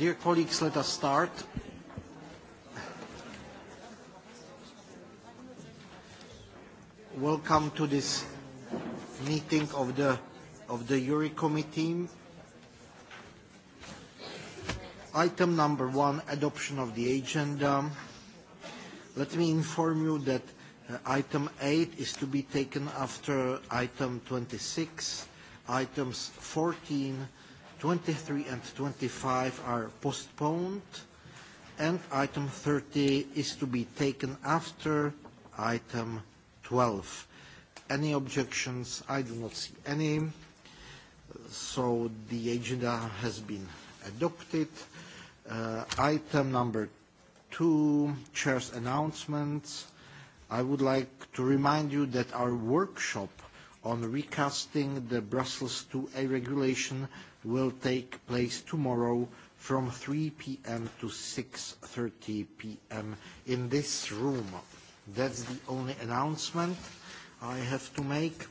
Dear colleagues, let us start. Welcome to this meeting of the of the URI committee. Item number one, adoption of the agenda. Let me inform you that uh, item eight is to be taken after item 26, items 14, 23 and 25 are postponed, and item 30 is to be taken after item 12. Any objections? I do not see any. So the agenda has been adopted. Uh, item number two, chair's announcements. I would like to remind you that our workshop on recasting the Brussels IIa regulation will take place tomorrow from 3 p.m. to 6.30 p.m. in this room. That's the only announcement I have to make.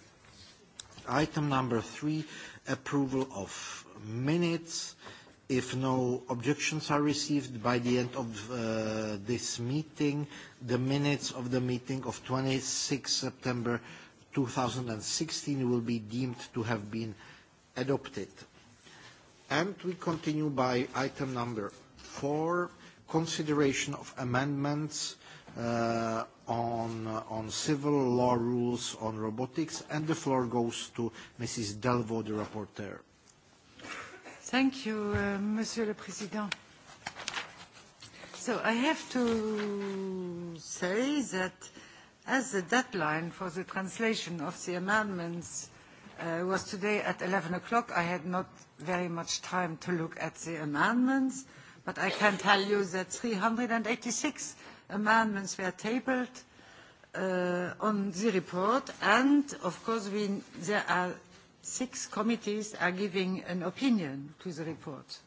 Item number three, approval of minutes. If no objections are received by the end of uh, this meeting, the minutes of the meeting of 26 September 2016 will be deemed to have been adopted. And we continue by item number four, consideration of amendments uh, on, on civil law rules on robotics, and the floor goes to Mrs. Delvaux, the rapporteur. Thank you, uh, Monsieur le Président. So I have to say that uh, As the deadline for the translation of the amendments uh, was today at 11 o'clock, I had not very much time to look at the amendments, but I can tell you that 386 amendments were tabled uh, on the report, and of course we, there are six committees are giving an opinion to the report.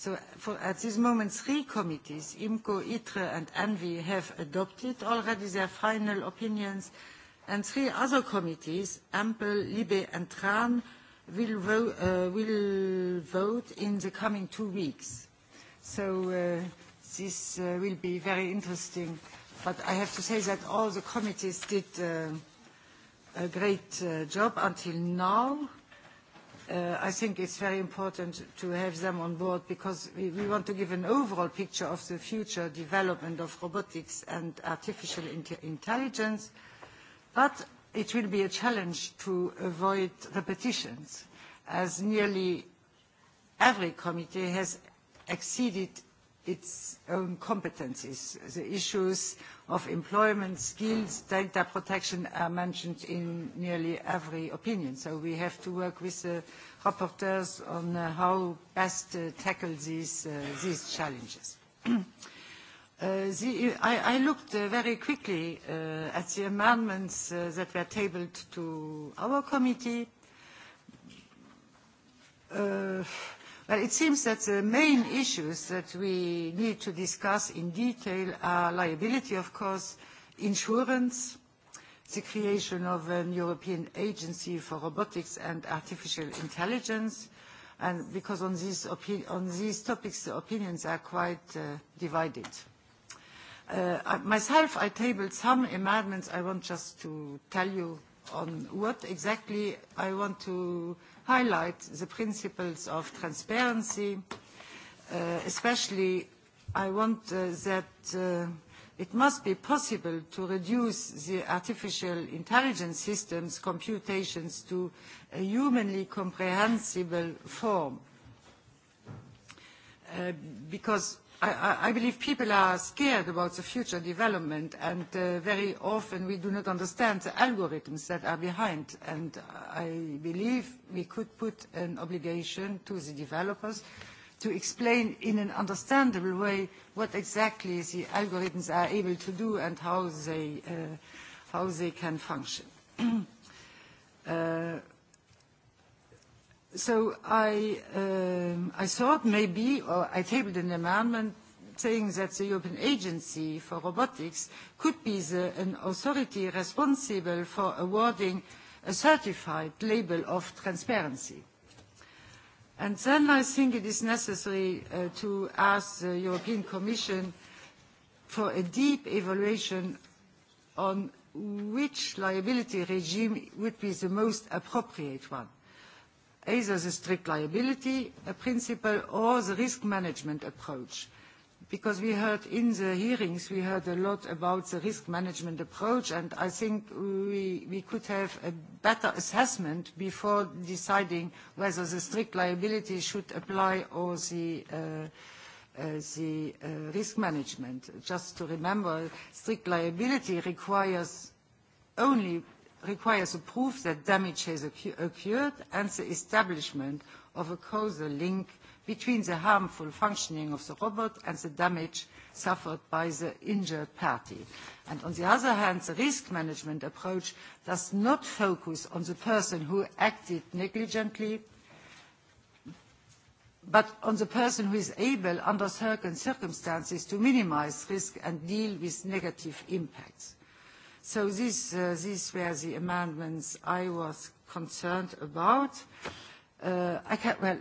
So for, at this moment, three committees, IMCO, ITRE and ENVI, have adopted already their final opinions, and three other committees, AMPL, LIBE and TRAN, will, vo uh, will vote in the coming two weeks. So uh, this uh, will be very interesting. But I have to say that all the committees did uh, a great uh, job until now uh, I think it's very important to have them on board because we, we want to give an overall picture of the future development of robotics and artificial inte intelligence, but it will be a challenge to avoid repetitions, as nearly every committee has exceeded its own competencies. The issues of employment, skills, data protection are mentioned in nearly every opinion. So we have to work with the rapporteurs on uh, how best to uh, tackle these, uh, these challenges. uh, the, I, I looked uh, very quickly uh, at the amendments uh, that were tabled to our committee. Uh, Well, it seems that the main issues that we need to discuss in detail are liability, of course, insurance, the creation of an European agency for robotics and artificial intelligence, and because on these, on these topics the opinions are quite uh, divided. Uh, myself, I tabled some amendments. I want just to tell you on what exactly I want to highlight the principles of transparency. Uh, especially, I want uh, that uh, it must be possible to reduce the artificial intelligence systems computations to a humanly comprehensible form. Uh, because I, I believe people are scared about the future development, and uh, very often we do not understand the algorithms that are behind. And I believe we could put an obligation to the developers to explain in an understandable way what exactly the algorithms are able to do and how they, uh, how they can function. uh, So I, um, I thought maybe, or I tabled an amendment saying that the European Agency for Robotics could be the, an authority responsible for awarding a certified label of transparency. And then I think it is necessary uh, to ask the European Commission for a deep evaluation on which liability regime would be the most appropriate one either the strict liability uh, principle or the risk management approach. Because we heard in the hearings, we heard a lot about the risk management approach, and I think we, we could have a better assessment before deciding whether the strict liability should apply or the, uh, uh, the uh, risk management. Just to remember, strict liability requires only requires a proof that damage has occurred and the establishment of a causal link between the harmful functioning of the robot and the damage suffered by the injured party. And on the other hand, the risk management approach does not focus on the person who acted negligently, but on the person who is able, under certain circumstances, to minimize risk and deal with negative impacts. So these, uh, these were the amendments I was concerned about. Uh, I can, well,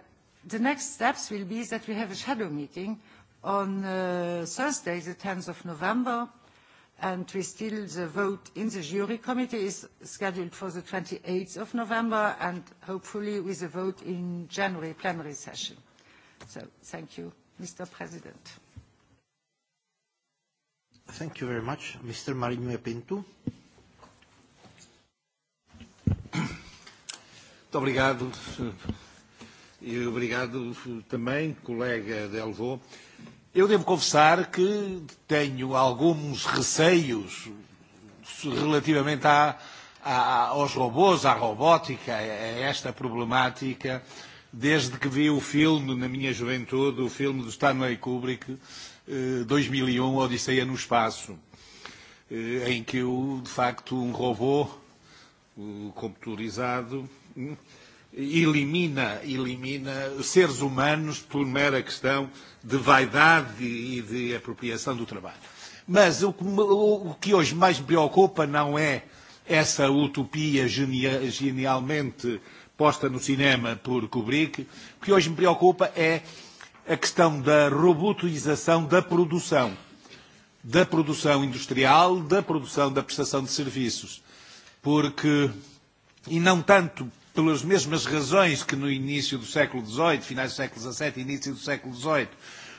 the next steps will be that we have a shadow meeting on uh, Thursday, the 10th of November, and we still the vote in the jury committee is scheduled for the 28th of November, and hopefully with a vote in January plenary session. So thank you, Mr. President. Thank you very much. Mr. Marinho Pinto. Muito obrigado. E obrigado também, colega Delvaux. Eu devo confessar que tenho alguns receios relativamente à, à, aos robôs, à robótica, a esta problemática, desde que vi o filme, na minha juventude, o filme do Stanley Kubrick, 2001 eh, e um, Odisseia no Espaço, eh, em que eu, de facto, um robô computadorizado elimina, elimina seres humanos por mera questão de vaidade e de apropriação do trabalho. Mas o que, o que hoje mais me preocupa não é essa utopia genia, genialmente posta no cinema por Kubrick, o que hoje me preocupa é uh, a questão da robotização da produção, da produção industrial, da produção da prestação de serviços, porque, e não tanto pelas mesmas razões que no início do século XVIII, finais do século XVII, início do século XVIII,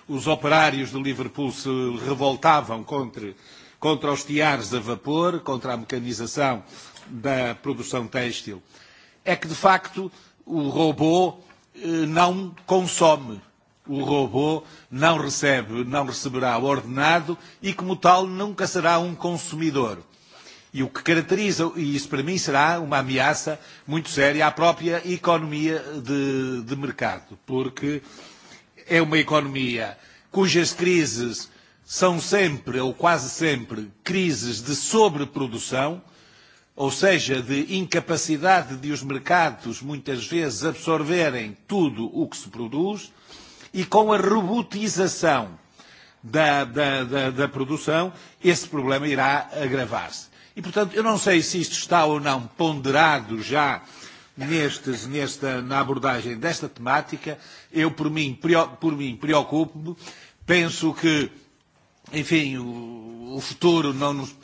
os operários de Liverpool se revoltavam contra, contra os tiares a vapor, contra a mecanização da produção têxtil, é que, de facto, o robô eh, não consome, o robô não recebe, não receberá ordenado e, como tal, nunca será um consumidor. E o que caracteriza, e isso para mim será uma ameaça muito séria à própria economia de, de mercado, porque é uma economia cujas crises são sempre, ou quase sempre, crises de sobreprodução, ou seja, de incapacidade de os mercados muitas vezes absorverem tudo o que se produz, e com a robotização da, da, da, da produção, esse problema irá agravar-se. E, portanto, eu não sei se isto está ou não ponderado já nestes, nesta, na abordagem desta temática. Eu, por mim, por mim preocupo-me. Penso que, enfim, o, o futuro não nos,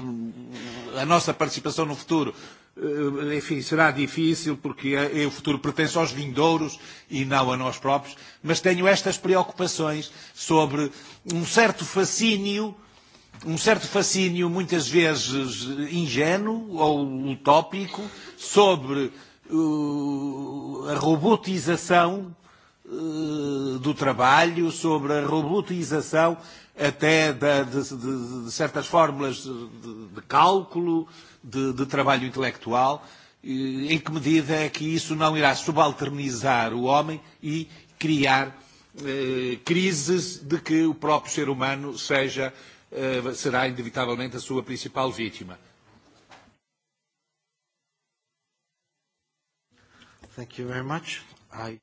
a nossa participação no futuro Eh, enfim, será difícil porque o futuro pertence aos vindouros e não a nós próprios, mas tenho estas preocupações sobre um certo fascínio, um certo fascínio muitas vezes ingênuo ou utópico sobre uh, a robotização uh, do trabalho, sobre a robotização até da, de, de, de certas fórmulas de, de cálculo, uh, de, de trabalho intelectual, e, em que medida é que isso não irá subalternizar o homem e criar eh, crises de que o próprio ser humano seja, eh, será inevitavelmente a sua principal vítima. Thank you very much. I,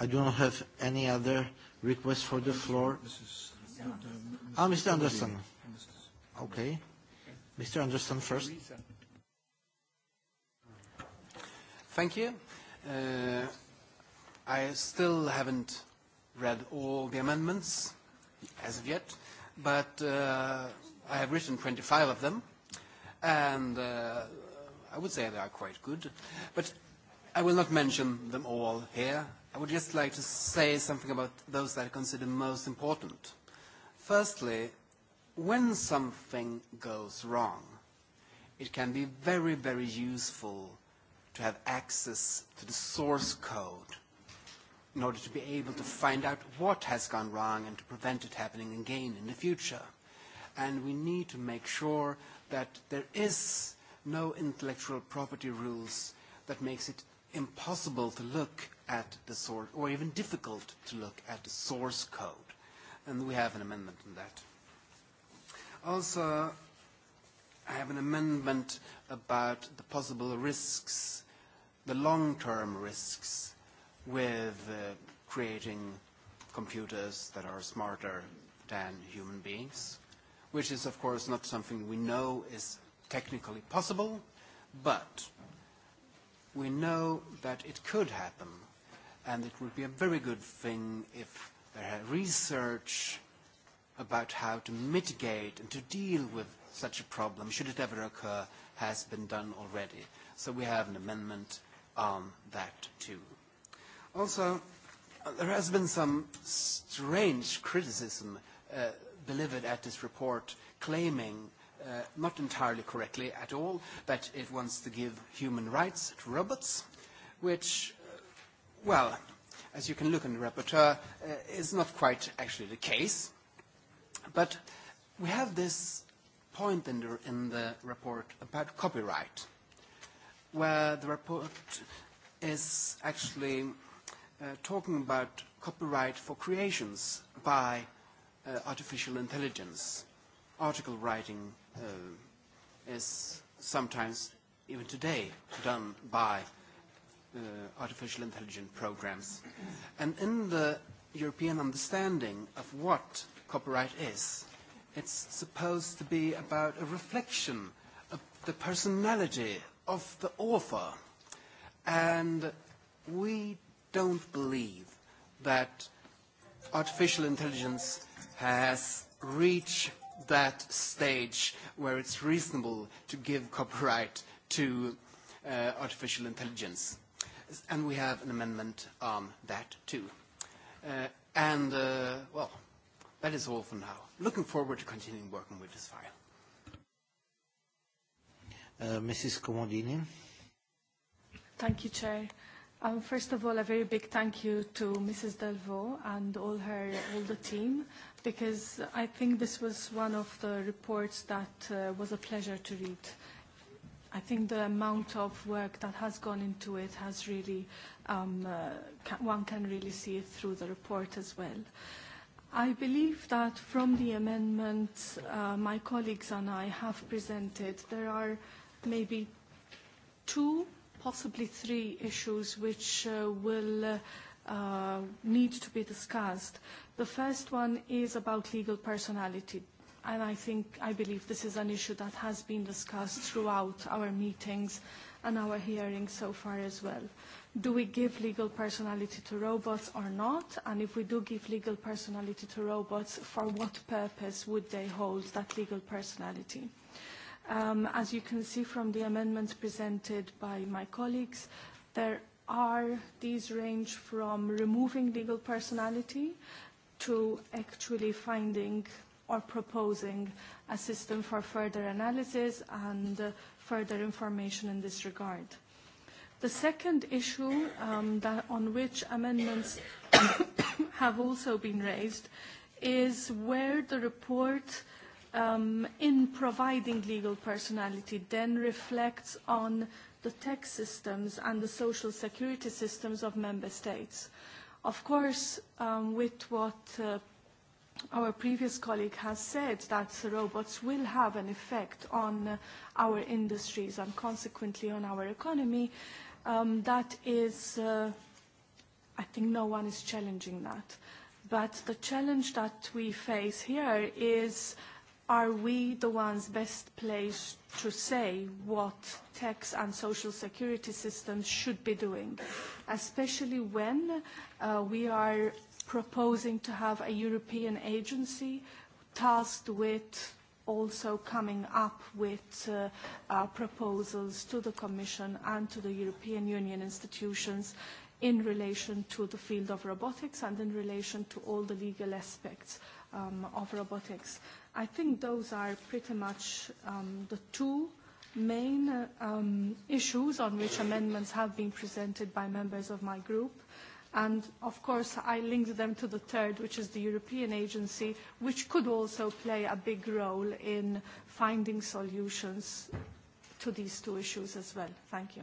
I do not have any other request for the floor. Ah, Mr. Anderson. Okay. Mr. Anderson first. Thank you. Uh, I still haven't read all the amendments as of yet, but uh, I have written 25 of them, and uh, I would say they are quite good. But I will not mention them all here. I would just like to say something about those that I consider most important. Firstly, when something goes wrong, it can be very, very useful to have access to the source code in order to be able to find out what has gone wrong and to prevent it happening again in the future. And we need to make sure that there is no intellectual property rules that makes it impossible to look at the source, or even difficult to look at the source code. And we have an amendment on that. Also, I have an amendment about the possible risks, the long-term risks with uh, creating computers that are smarter than human beings, which is, of course, not something we know is technically possible, but we know that it could happen, and it would be a very good thing if there had research about how to mitigate and to deal with such a problem, should it ever occur, has been done already. So we have an amendment on that too. Also, uh, there has been some strange criticism uh, delivered at this report claiming, uh, not entirely correctly at all, that it wants to give human rights to robots, which, uh, well, as you can look in the rapporteur, uh, is not quite actually the case. But we have this point in the, in the report about copyright, where the report is actually uh, talking about copyright for creations by uh, artificial intelligence. Article writing uh, is sometimes, even today, done by uh, artificial intelligence programs. And in the European understanding of what copyright is. It's supposed to be about a reflection of the personality of the author. And we don't believe that artificial intelligence has reached that stage where it's reasonable to give copyright to uh, artificial intelligence. And we have an amendment on that too. Uh, and, uh, well, That is all for now. Looking forward to continuing working with this file. Uh, Mrs. Comodini. Thank you, Chair. Um, first of all, a very big thank you to Mrs. Delvaux and all her, all the team, because I think this was one of the reports that uh, was a pleasure to read. I think the amount of work that has gone into it has really, um, uh, can, one can really see it through the report as well. Uh, I believe that from the amendment uh, my colleagues and I have presented, there are maybe two, possibly three issues which uh, will uh, uh, need to be discussed. The first one is about legal personality. And I think, I believe this is an issue that has been discussed throughout our meetings and our hearings so far as well do we give legal personality to robots or not? And if we do give legal personality to robots, for what purpose would they hold that legal personality? Um, as you can see from the amendments presented by my colleagues, there are these range from removing legal personality to actually finding or proposing a system for further analysis and uh, further information in this regard. The second issue um, that on which amendments have also been raised is where the report, um, in providing legal personality, then reflects on the tax systems and the social security systems of member states. Of course, um, with what uh, our previous colleague has said that robots will have an effect on our industries and consequently on our economy, um, that is, uh, I think no one is challenging that. But the challenge that we face here is, are we the ones best placed to say what tax and social security systems should be doing, especially when uh, we are proposing to have a European agency tasked with also coming up with uh, uh, proposals to the Commission and to the European Union institutions in relation to the field of robotics and in relation to all the legal aspects um, of robotics. I think those are pretty much um, the two main uh, um, issues on which amendments have been presented by members of my group. And of course, I linked them to the third, which is the European Agency, which could also play a big role in finding solutions to these two issues as well. Thank you.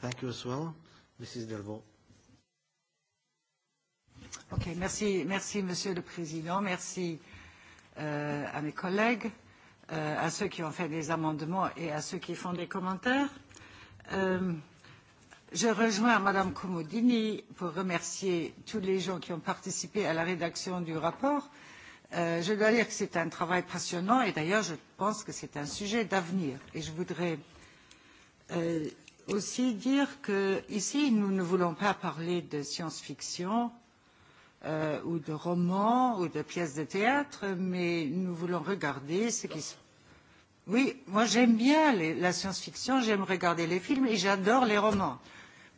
Thank you as well. Mrs. Delvaux. Okay, merci, merci Monsieur le Président, merci euh, à mes collègues, euh, à ceux qui ont fait des amendements et à ceux qui font des commentaires. Euh, Je rejoins Madame Comodini pour remercier tous les gens qui ont participé à la rédaction du rapport. Euh, je dois dire que c'est un travail passionnant et d'ailleurs je pense que c'est un sujet d'avenir. Et je voudrais euh, aussi dire que ici nous ne voulons pas parler de science-fiction euh, ou de romans ou de pièces de théâtre, mais nous voulons regarder ce qui se oui, moi j'aime bien les, la science-fiction, j'aime regarder les films et j'adore les romans.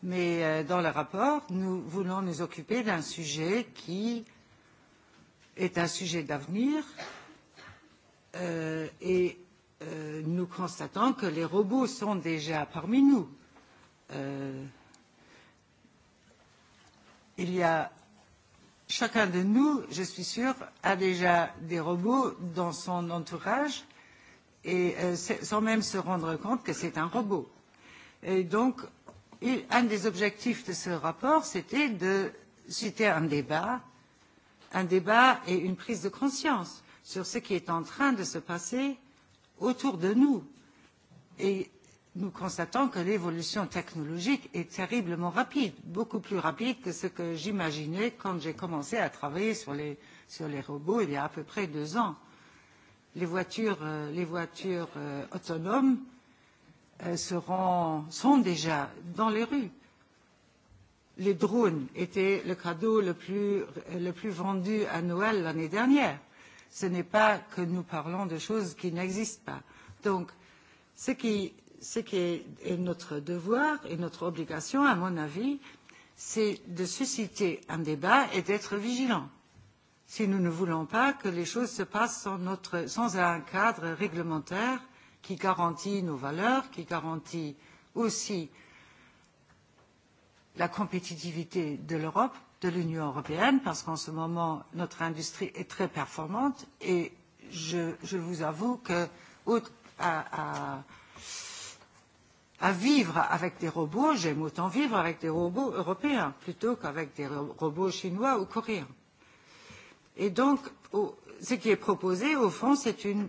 Mais euh, dans le rapport, nous voulons nous occuper d'un sujet qui est un sujet d'avenir euh, et euh, nous constatons que les robots sont déjà parmi nous. Euh, il y a chacun de nous, je suis sûre, a déjà des robots dans son entourage et euh, sans même se rendre compte que c'est un robot. Et donc, un des objectifs de ce rapport, c'était de c'était un débat, un débat et une prise de conscience sur ce qui est en train de se passer autour de nous. Et nous constatons que l'évolution technologique est terriblement rapide, beaucoup plus rapide que ce que j'imaginais quand j'ai commencé à travailler sur les, sur les robots il y a à peu près deux ans. Les voitures, euh, les voitures euh, autonomes euh, Euh, seront, sont déjà dans les rues. Les drones étaient le cadeau le plus, le plus vendu à Noël l'année dernière. Ce n'est pas que nous parlons de choses qui n'existent pas. Donc, ce qui, ce qui est, est notre devoir et notre obligation, à mon avis, c'est de susciter un débat et d'être vigilant si nous ne voulons pas que les choses se passent sans, notre, sans un cadre réglementaire euh, qui garantit nos valeurs, qui garantit aussi la compétitivité de l'Europe, de l'Union européenne, parce qu'en ce moment, notre industrie est très performante et je, je vous avoue que à, à, à vivre avec des robots, j'aime autant vivre avec des robots européens plutôt qu'avec des robots chinois ou coréens. Et donc, au, ce qui est proposé, au fond, c'est une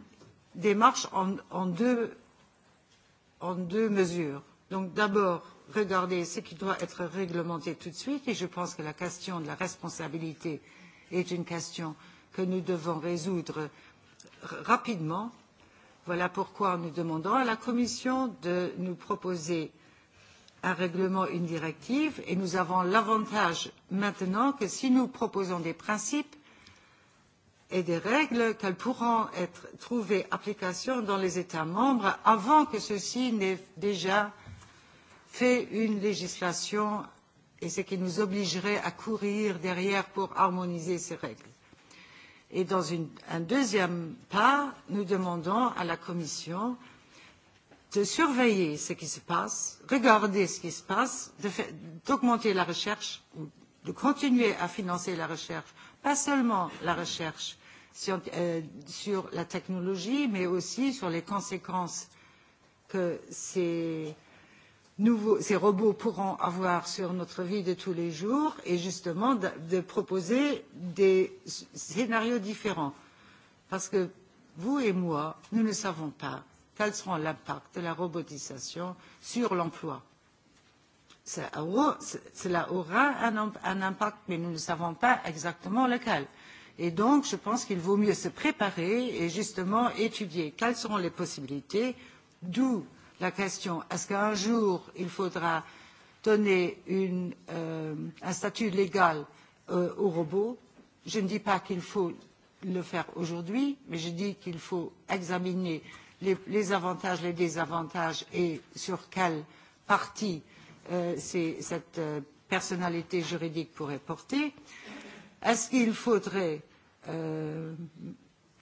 démarche en, en, deux, en deux mesures. Donc d'abord, regarder ce qui doit être réglementé tout de suite, et je pense que la question de la responsabilité est une question que nous devons résoudre rapidement. Voilà pourquoi nous demandons à la Commission de nous proposer un règlement, une directive, et nous avons l'avantage maintenant que si nous proposons des principes, et des règles qu'elles pourront être, trouver application dans les États membres avant que ceux-ci n'aient déjà fait une législation et ce qui nous obligerait à courir derrière pour harmoniser ces règles. Et dans une, un deuxième pas, nous demandons à la Commission de surveiller ce qui se passe, regarder ce qui se passe, d'augmenter la recherche ou de continuer à financer la recherche pas seulement la recherche sur, euh, sur la technologie, mais aussi sur les conséquences que ces, nouveaux, ces robots pourront avoir sur notre vie de tous les jours et justement de, de proposer des scénarios différents. Parce que vous et moi, nous ne savons pas quel sera l'impact de la robotisation sur l'emploi. Euh, ça aura, cela aura un, un impact, mais nous ne savons pas exactement lequel. Et donc, je pense qu'il vaut mieux se préparer et justement étudier quelles seront les possibilités, d'où la question est ce qu'un jour il faudra donner une, euh, un statut légal euh, aux robots Je ne dis pas qu'il faut le faire aujourd'hui, mais je dis qu'il faut examiner les, les avantages, les désavantages et sur quelle partie euh, Euh, cette euh, personnalité juridique pourrait porter. Est-ce qu'il faudrait euh,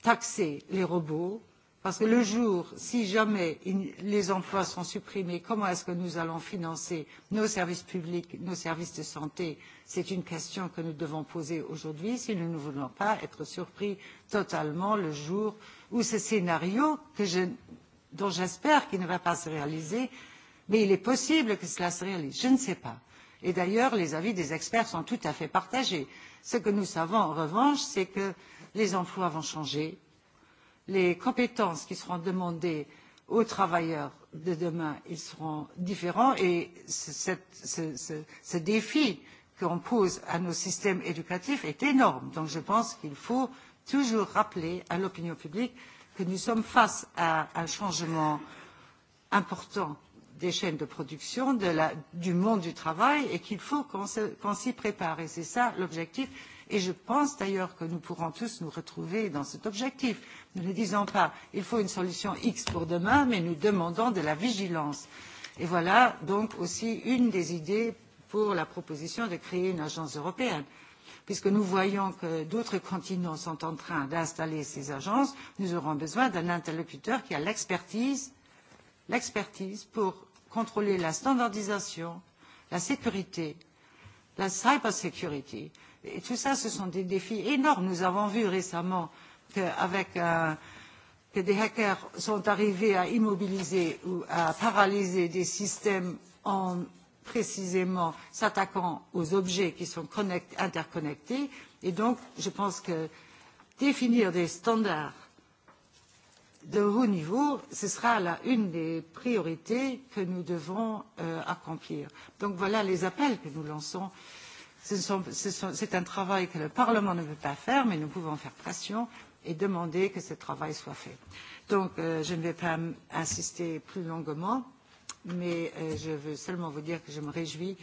taxer les robots Parce que le jour, si jamais in, les emplois sont supprimés, comment est-ce que nous allons financer nos services publics, nos services de santé C'est une question que nous devons poser aujourd'hui si nous ne voulons pas être surpris totalement le jour où ce scénario, que je, dont j'espère qu'il ne va pas se réaliser, euh, mais il est possible que cela se réalise je ne sais pas et d'ailleurs les avis des experts sont tout à fait partagés. ce que nous savons en revanche c'est que les emplois vont changer les compétences qui seront demandées aux travailleurs de demain seront différentes et ce, ce, ce, ce défi qu'on pose à nos systèmes éducatifs est énorme. donc je pense qu'il faut toujours rappeler à l'opinion publique que nous sommes face à un changement important des chaînes de production de la, du monde du travail et qu'il faut qu'on qu s'y prépare. Et c'est ça l'objectif. Et je pense d'ailleurs que nous pourrons tous nous retrouver dans cet objectif. Nous ne disons pas il faut une solution X pour demain, mais nous demandons de la vigilance. Et voilà donc aussi une des idées pour la proposition de créer une agence européenne puisque nous voyons que d'autres continents sont en train d'installer ces agences, nous aurons besoin d'un interlocuteur qui a l'expertise l'expertise pour contrôler la standardisation, la sécurité, la cybersécurité. Et tout ça, ce sont des défis énormes. Nous avons vu récemment qu'avec euh, que des hackers sont arrivés à immobiliser ou à paralyser des systèmes en précisément s'attaquant aux objets qui sont connect, interconnectés. Et donc, je pense que définir des standards de haut niveau, ce sera là une des priorités que nous devrons euh, accomplir. Donc voilà les appels que nous lançons. C'est ce ce un travail que le Parlement ne peut pas faire, mais nous pouvons faire pression et demander que ce travail soit fait. Donc euh, je ne vais pas insister plus longuement, mais euh, je veux seulement vous dire que je me réjouis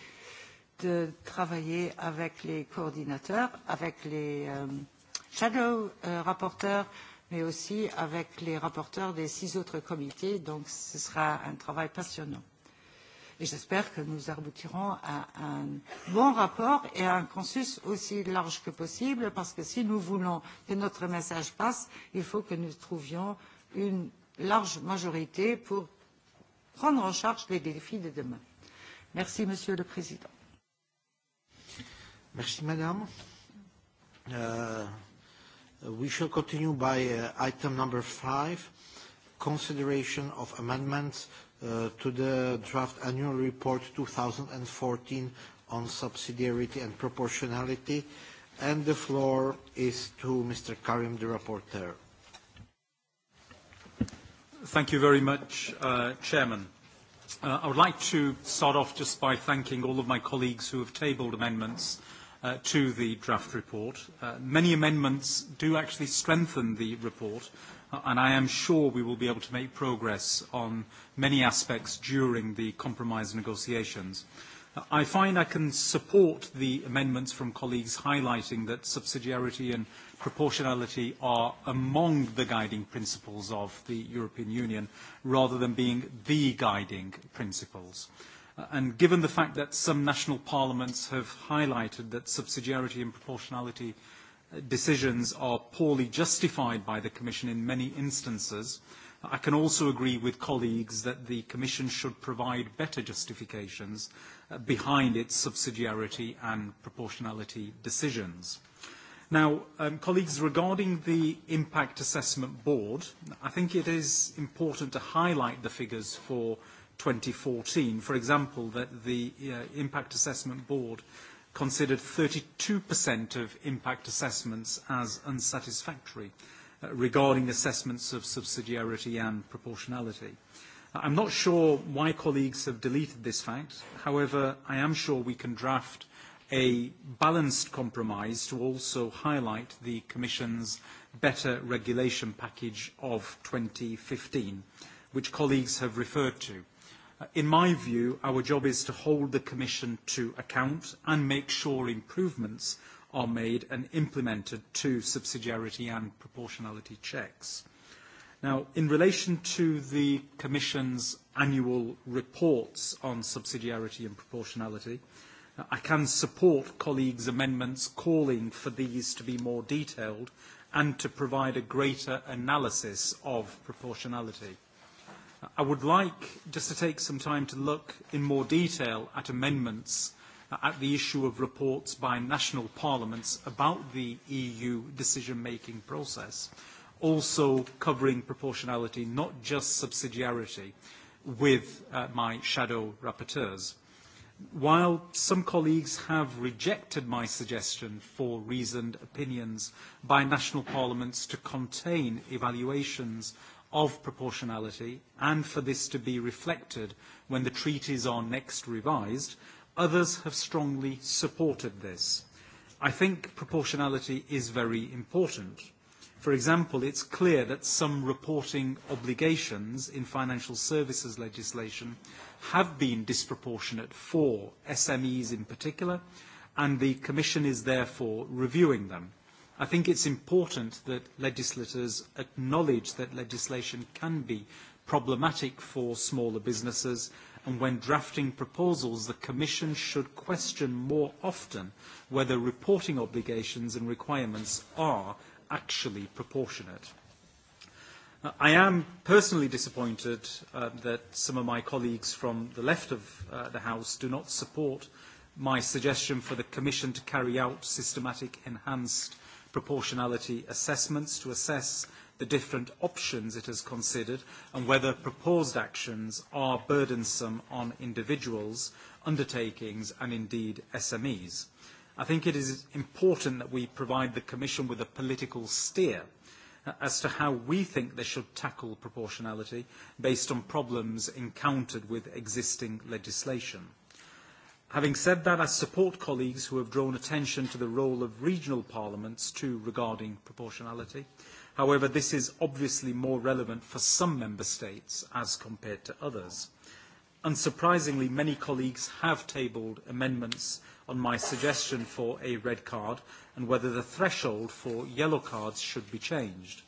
de travailler avec les coordinateurs, avec les euh, shadow euh, rapporteurs, euh, mais aussi avec les rapporteurs des six autres comités. Donc ce sera un travail passionnant. Et j'espère que nous aboutirons à un bon rapport et à un consensus aussi large que possible, parce que si nous voulons que notre message passe, il faut que nous trouvions une large majorité pour prendre en charge les défis de demain. Merci, Monsieur le Président. Merci, Madame. Euh, We shall continue by uh, item number five, consideration of amendments uh, to the draft annual report 2014 on subsidiarity and proportionality. And the floor is to Mr. Karim, the rapporteur. Thank you very much, uh, Chairman. Uh, I would like to start off just by thanking all of my colleagues who have tabled amendments uh, uh, to the draft report. Uh, many amendments do actually strengthen the report, uh, and I am sure we will be able to make progress on many aspects during the compromise negotiations. Uh, I find I can support the amendments from colleagues highlighting that subsidiarity and proportionality are among the guiding principles of the European Union rather than being the guiding principles. Uh, Uh, and given the fact that some national parliaments have highlighted that subsidiarity and proportionality uh, decisions are poorly justified by the Commission in many instances, I can also agree with colleagues that the Commission should provide better justifications uh, behind its subsidiarity and proportionality decisions. Now, um, colleagues, regarding the Impact Assessment Board, I think it is important to highlight the figures for uh, 2014. For example, that the uh, Impact Assessment Board considered 32% of impact assessments as unsatisfactory uh, regarding assessments of subsidiarity and proportionality. I'm not sure why colleagues have deleted this fact. However, I am sure we can draft a balanced compromise to also highlight the Commission's Better Regulation Package of 2015, which colleagues have referred to. In my view, our job is to hold the Commission to account and make sure improvements are made and implemented to subsidiarity and proportionality checks. Now, in relation to the Commission's annual reports on subsidiarity and proportionality, I can support colleagues' amendments calling for these to be more detailed and to provide a greater analysis of proportionality. I would like just to take some time to look in more detail at amendments at the issue of reports by national parliaments about the EU decision-making process, also covering proportionality, not just subsidiarity, with uh, my shadow rapporteurs. While some colleagues have rejected my suggestion for reasoned opinions by national parliaments to contain evaluations of proportionality and for this to be reflected when the treaties are next revised, others have strongly supported this. I think proportionality is very important. For example, it's clear that some reporting obligations in financial services legislation have been disproportionate for SMEs in particular, and the Commission is therefore reviewing them. I think it's important that legislators acknowledge that legislation can be problematic for smaller businesses and when drafting proposals the Commission should question more often whether reporting obligations and requirements are actually proportionate. I am personally disappointed uh, that some of my colleagues from the left of uh, the House do not support my suggestion for the Commission to carry out systematic enhanced proportionality assessments to assess the different options it has considered and whether proposed actions are burdensome on individuals, undertakings and indeed SMEs. I think it is important that we provide the Commission with a political steer uh, as to how we think they should tackle proportionality based on problems encountered with existing legislation. Having said that, I support colleagues who have drawn attention to the role of regional parliaments too regarding proportionality. However, this is obviously more relevant for some member states as compared to others. Unsurprisingly, many colleagues have tabled amendments on my suggestion for a red card and whether the threshold for yellow cards should be changed.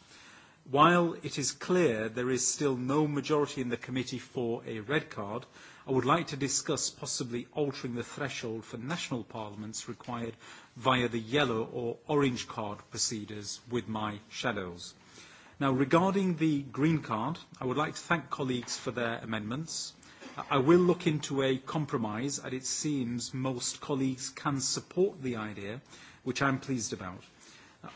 While it is clear there is still no majority in the committee for a red card, I would like to discuss possibly altering the threshold for national parliaments required via the yellow or orange card procedures with my shadows. Now, regarding the green card, I would like to thank colleagues for their amendments. I will look into a compromise, and it seems most colleagues can support the idea, which I'm pleased about.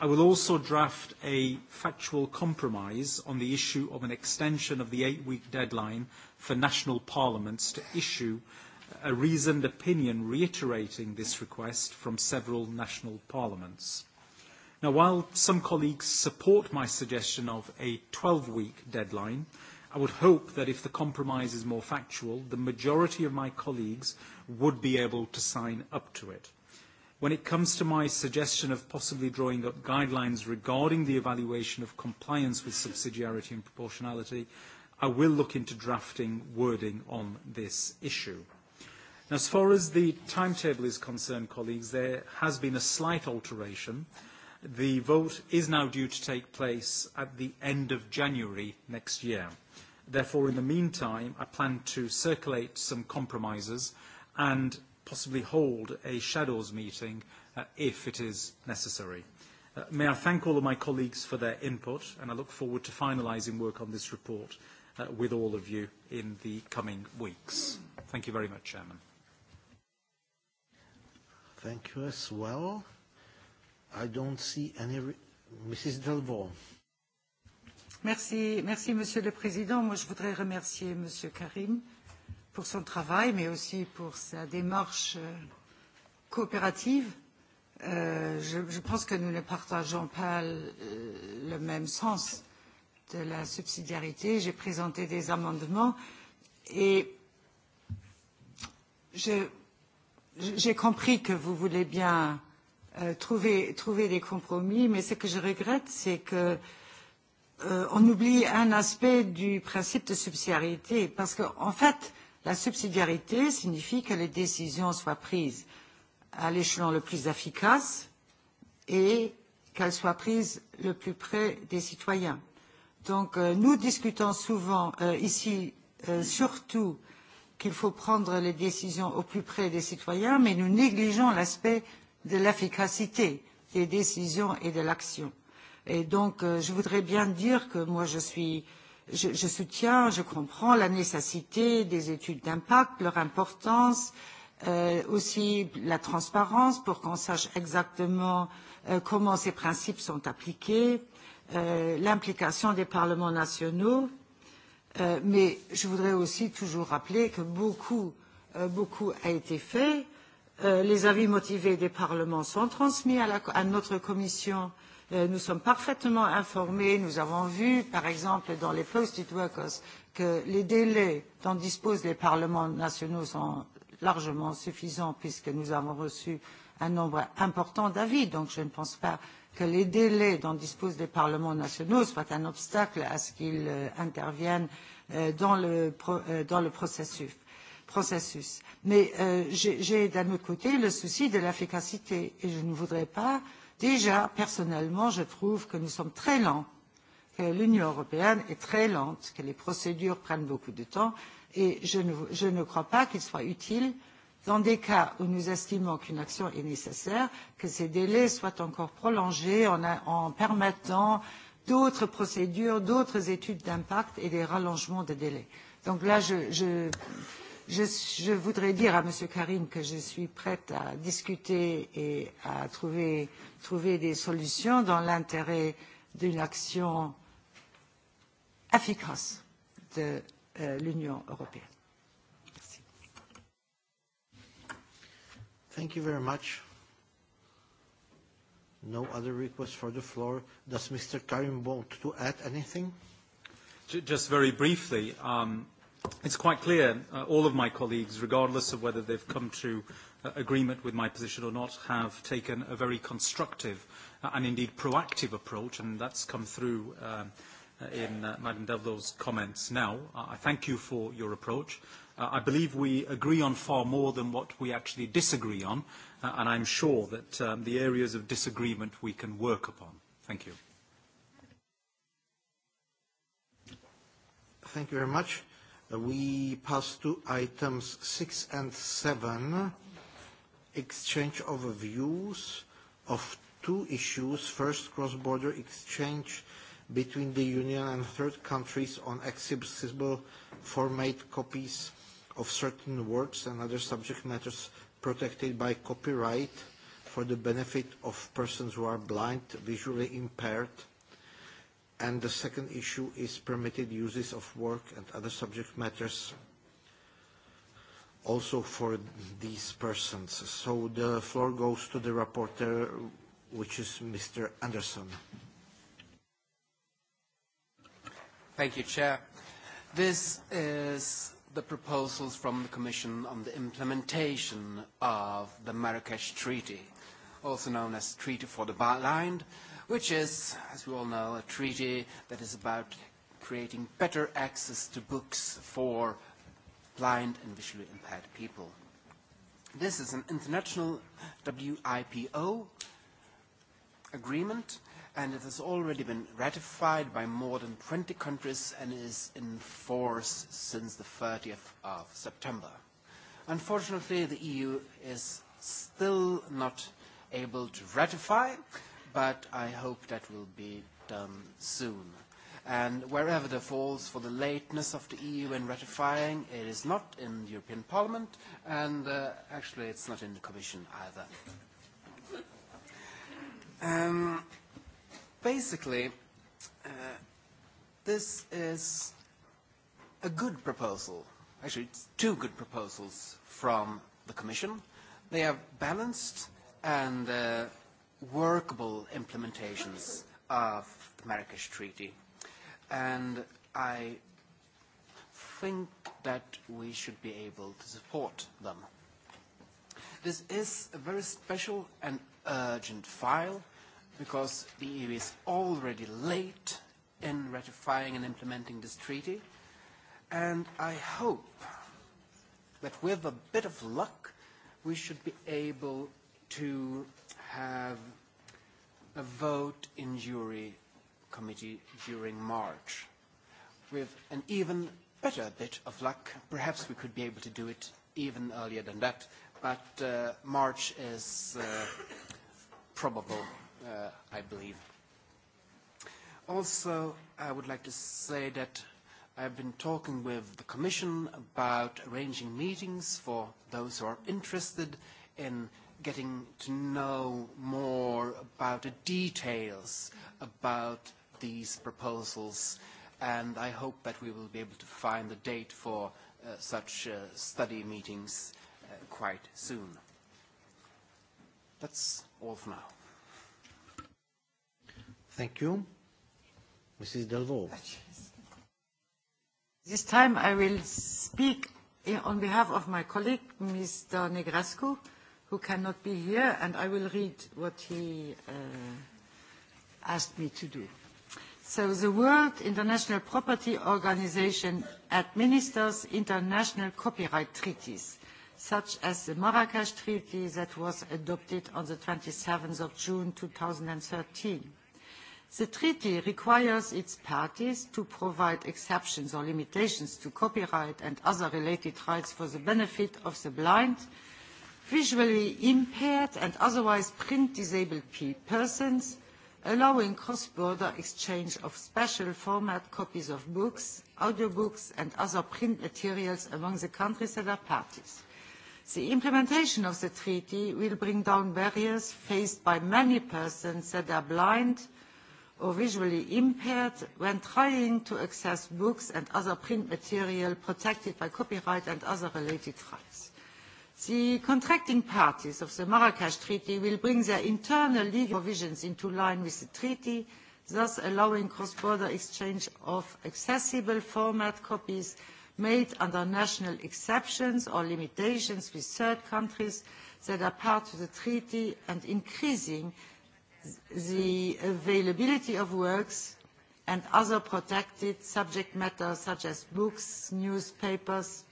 I will also draft a factual compromise on the issue of an extension of the eight-week deadline for national parliaments to issue a reasoned opinion reiterating this request from several national parliaments. Now, while some colleagues support my suggestion of a 12-week deadline, I would hope that if the compromise is more factual, the majority of my colleagues would be able to sign up to it. When it comes to my suggestion of possibly drawing up guidelines regarding the evaluation of compliance with subsidiarity and proportionality, I will look into drafting wording on this issue. Now, as far as the timetable is concerned, colleagues, there has been a slight alteration. The vote is now due to take place at the end of January next year. Therefore, in the meantime, I plan to circulate some compromises and possibly hold a shadows meeting uh, if it is necessary. Uh, may I thank all of my colleagues for their input, and I look forward to finalising work on this report uh, with all of you in the coming weeks. Thank you very much, Chairman. Thank you as well. I don't see any... Re Mrs. Delvaux. Merci, merci, Monsieur le Président. Moi, je voudrais remercier Monsieur Karim euh, pour son travail, mais aussi pour sa démarche euh, coopérative. Euh, je, je pense que nous ne partageons pas le, le même sens de la subsidiarité. J'ai présenté des amendements et j'ai compris que vous voulez bien euh, trouver, trouver des compromis, mais ce que je regrette, c'est que euh, euh, on oublie un aspect du principe de subsidiarité, parce qu'en en fait, La subsidiarité signifie que les décisions soient prises à l'échelon le plus efficace et qu'elles soient prises le plus près des citoyens. Donc euh, nous discutons souvent euh, ici euh, surtout qu'il faut prendre les décisions au plus près des citoyens, mais nous négligeons l'aspect de l'efficacité des décisions et de l'action. Et donc euh, je voudrais bien dire que moi je suis euh, je, je soutiens, je comprends la nécessité des études d'impact, leur importance, euh, aussi la transparence pour qu'on sache exactement euh, comment ces principes sont appliqués, euh, l'implication des parlements nationaux. Euh, mais je voudrais aussi toujours rappeler que beaucoup, euh, beaucoup a été fait. Euh, les avis motivés des parlements sont transmis à, la, à notre commission euh, Euh, nous sommes parfaitement informés. Nous avons vu, par exemple, dans les posted workers, que les délais dont disposent les parlements nationaux sont largement suffisants puisque nous avons reçu un nombre important d'avis. Donc je ne pense pas que les délais dont disposent les parlements nationaux soient un obstacle à ce qu'ils euh, interviennent euh, dans le, pro, euh, dans le processus. processus. Mais euh, j'ai d'un autre côté le souci de l'efficacité et je ne voudrais pas euh, Déjà, personnellement, je trouve que nous sommes très lents, que l'Union européenne est très lente, que les procédures prennent beaucoup de temps, et je ne, je ne crois pas qu'il soit utile, dans des cas où nous estimons qu'une action est nécessaire, que ces délais soient encore prolongés en, a, en permettant d'autres procédures, d'autres études d'impact et des rallongements de délais. Donc là, je, je, Je, je voudrais dire à M. Karim que je suis prête à discuter et à trouver, trouver des solutions dans l'intérêt d'une action efficace de euh, l'Union européenne. Merci. Thank you very much. No other requests for the floor. Does Mr. Karim want to add anything? Just very briefly, um, It's quite clear uh, all of my colleagues, regardless of whether they've come to uh, agreement with my position or not, have taken a very constructive uh, and indeed proactive approach, and that's come through um, uh, in uh, Madam Devlo's comments now. Uh, I thank you for your approach. Uh, I believe we agree on far more than what we actually disagree on, uh, and I'm sure that um, the areas of disagreement we can work upon. Thank you. Thank you very much. We pass to items six and seven, exchange of views of two issues. First, cross-border exchange between the Union and third countries on accessible format copies of certain works and other subject matters protected by copyright for the benefit of persons who are blind, visually impaired, uh, And the second issue is permitted uses of work and other subject matters also for these persons. So the floor goes to the rapporteur, which is Mr. Anderson. Thank you, Chair. This is the proposals from the Commission on the implementation of the Marrakesh Treaty, also known as Treaty for the Blind. Uh, which is, as we all know, a treaty that is about creating better access to books for blind and visually impaired people. This is an international WIPO agreement, and it has already been ratified by more than 20 countries and is in force since the 30th of September. Unfortunately, the EU is still not able to ratify, uh, but I hope that will be done soon. And wherever there falls for the lateness of the EU in ratifying, it is not in the European Parliament, and uh, actually it's not in the Commission either. Um, basically, uh, this is a good proposal. Actually, it's two good proposals from the Commission. They are balanced and uh, workable implementations of the Marrakesh Treaty. And I think that we should be able to support them. This is a very special and urgent file because the EU is already late in ratifying and implementing this treaty. And I hope that with a bit of luck, we should be able to have a vote in jury committee during March. With an even better bit of luck, perhaps we could be able to do it even earlier than that, but uh, March is uh, probable, uh, I believe. Also, I would like to say that I've been talking with the Commission about arranging meetings for those who are interested in uh, getting to know more about the details about these proposals, and I hope that we will be able to find the date for uh, such uh, study meetings uh, quite soon. That's all for now. Thank you. Mrs. Delvaux. This time I will speak eh, on behalf of my colleague, Mr. Negrescu, who cannot be here, and I will read what he uh, asked me to do. So the World International Property Organization administers international copyright treaties, such as the Marrakesh Treaty that was adopted on the 27th of June 2013. The treaty requires its parties to provide exceptions or limitations to copyright and other related rights for the benefit of the blind, visually impaired and otherwise print disabled persons, allowing cross-border exchange of special format copies of books, audiobooks and other print materials among the countries that are parties. The implementation of the treaty will bring down barriers faced by many persons that are blind or visually impaired when trying to access books and other print material protected by copyright and other related rights. The contracting parties of the Marrakesh Treaty will bring their internal legal provisions into line with the treaty, thus allowing cross-border exchange of accessible format copies made under national exceptions or limitations with third countries that are part of the treaty and increasing the availability of works and other protected subject matter such as books, newspapers,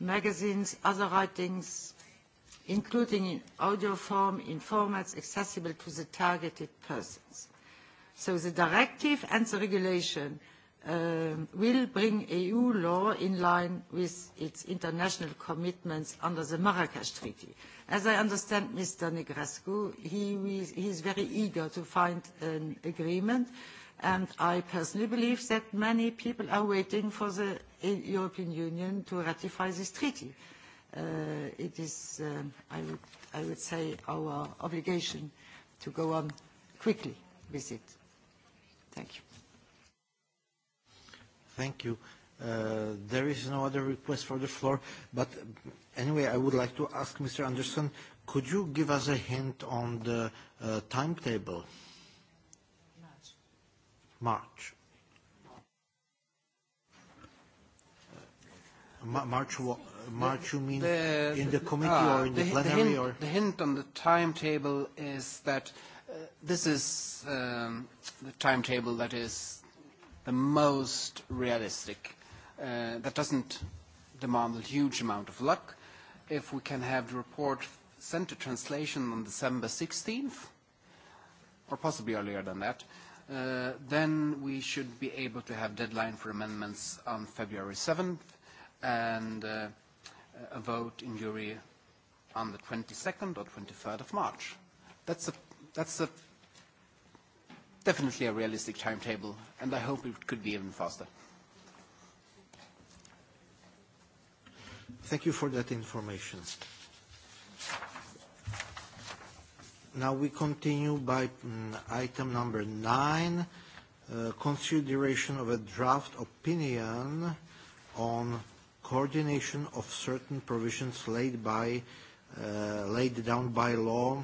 magazines, other writings, including in audio form, in formats accessible to the targeted persons. So the directive and the regulation uh, will bring EU law in line with its international commitments under the Marrakesh Treaty. As I understand Mr. Negrescu, he, he is very eager to find an agreement, and I personally believe that many people are waiting for the European Union to ratify this treaty. Uh, it is, um, I, would, I would say, our obligation to go on quickly with it. Thank you. Thank you. Uh, there is no other request for the floor, but anyway, I would like to ask Mr. Anderson, could you give us a hint on the uh, timetable? March. March. Ma March, March you mean the, in the committee uh, or in the, the plenary? The hint, or? the hint on the timetable is that uh, this is um, the timetable that is the most realistic. Uh, that doesn't demand a huge amount of luck. If we can have the report sent to translation on December 16th, or possibly earlier than that, uh, then we should be able to have deadline for amendments on February 7th, and uh, a vote in jury on the 22nd or 23rd of March. That's a, that's a definitely a realistic timetable, and I hope it could be even faster. Thank you for that information. Now we continue by um, item number nine, uh, consideration of a draft opinion on coordination of certain provisions laid, by, uh, laid down by law,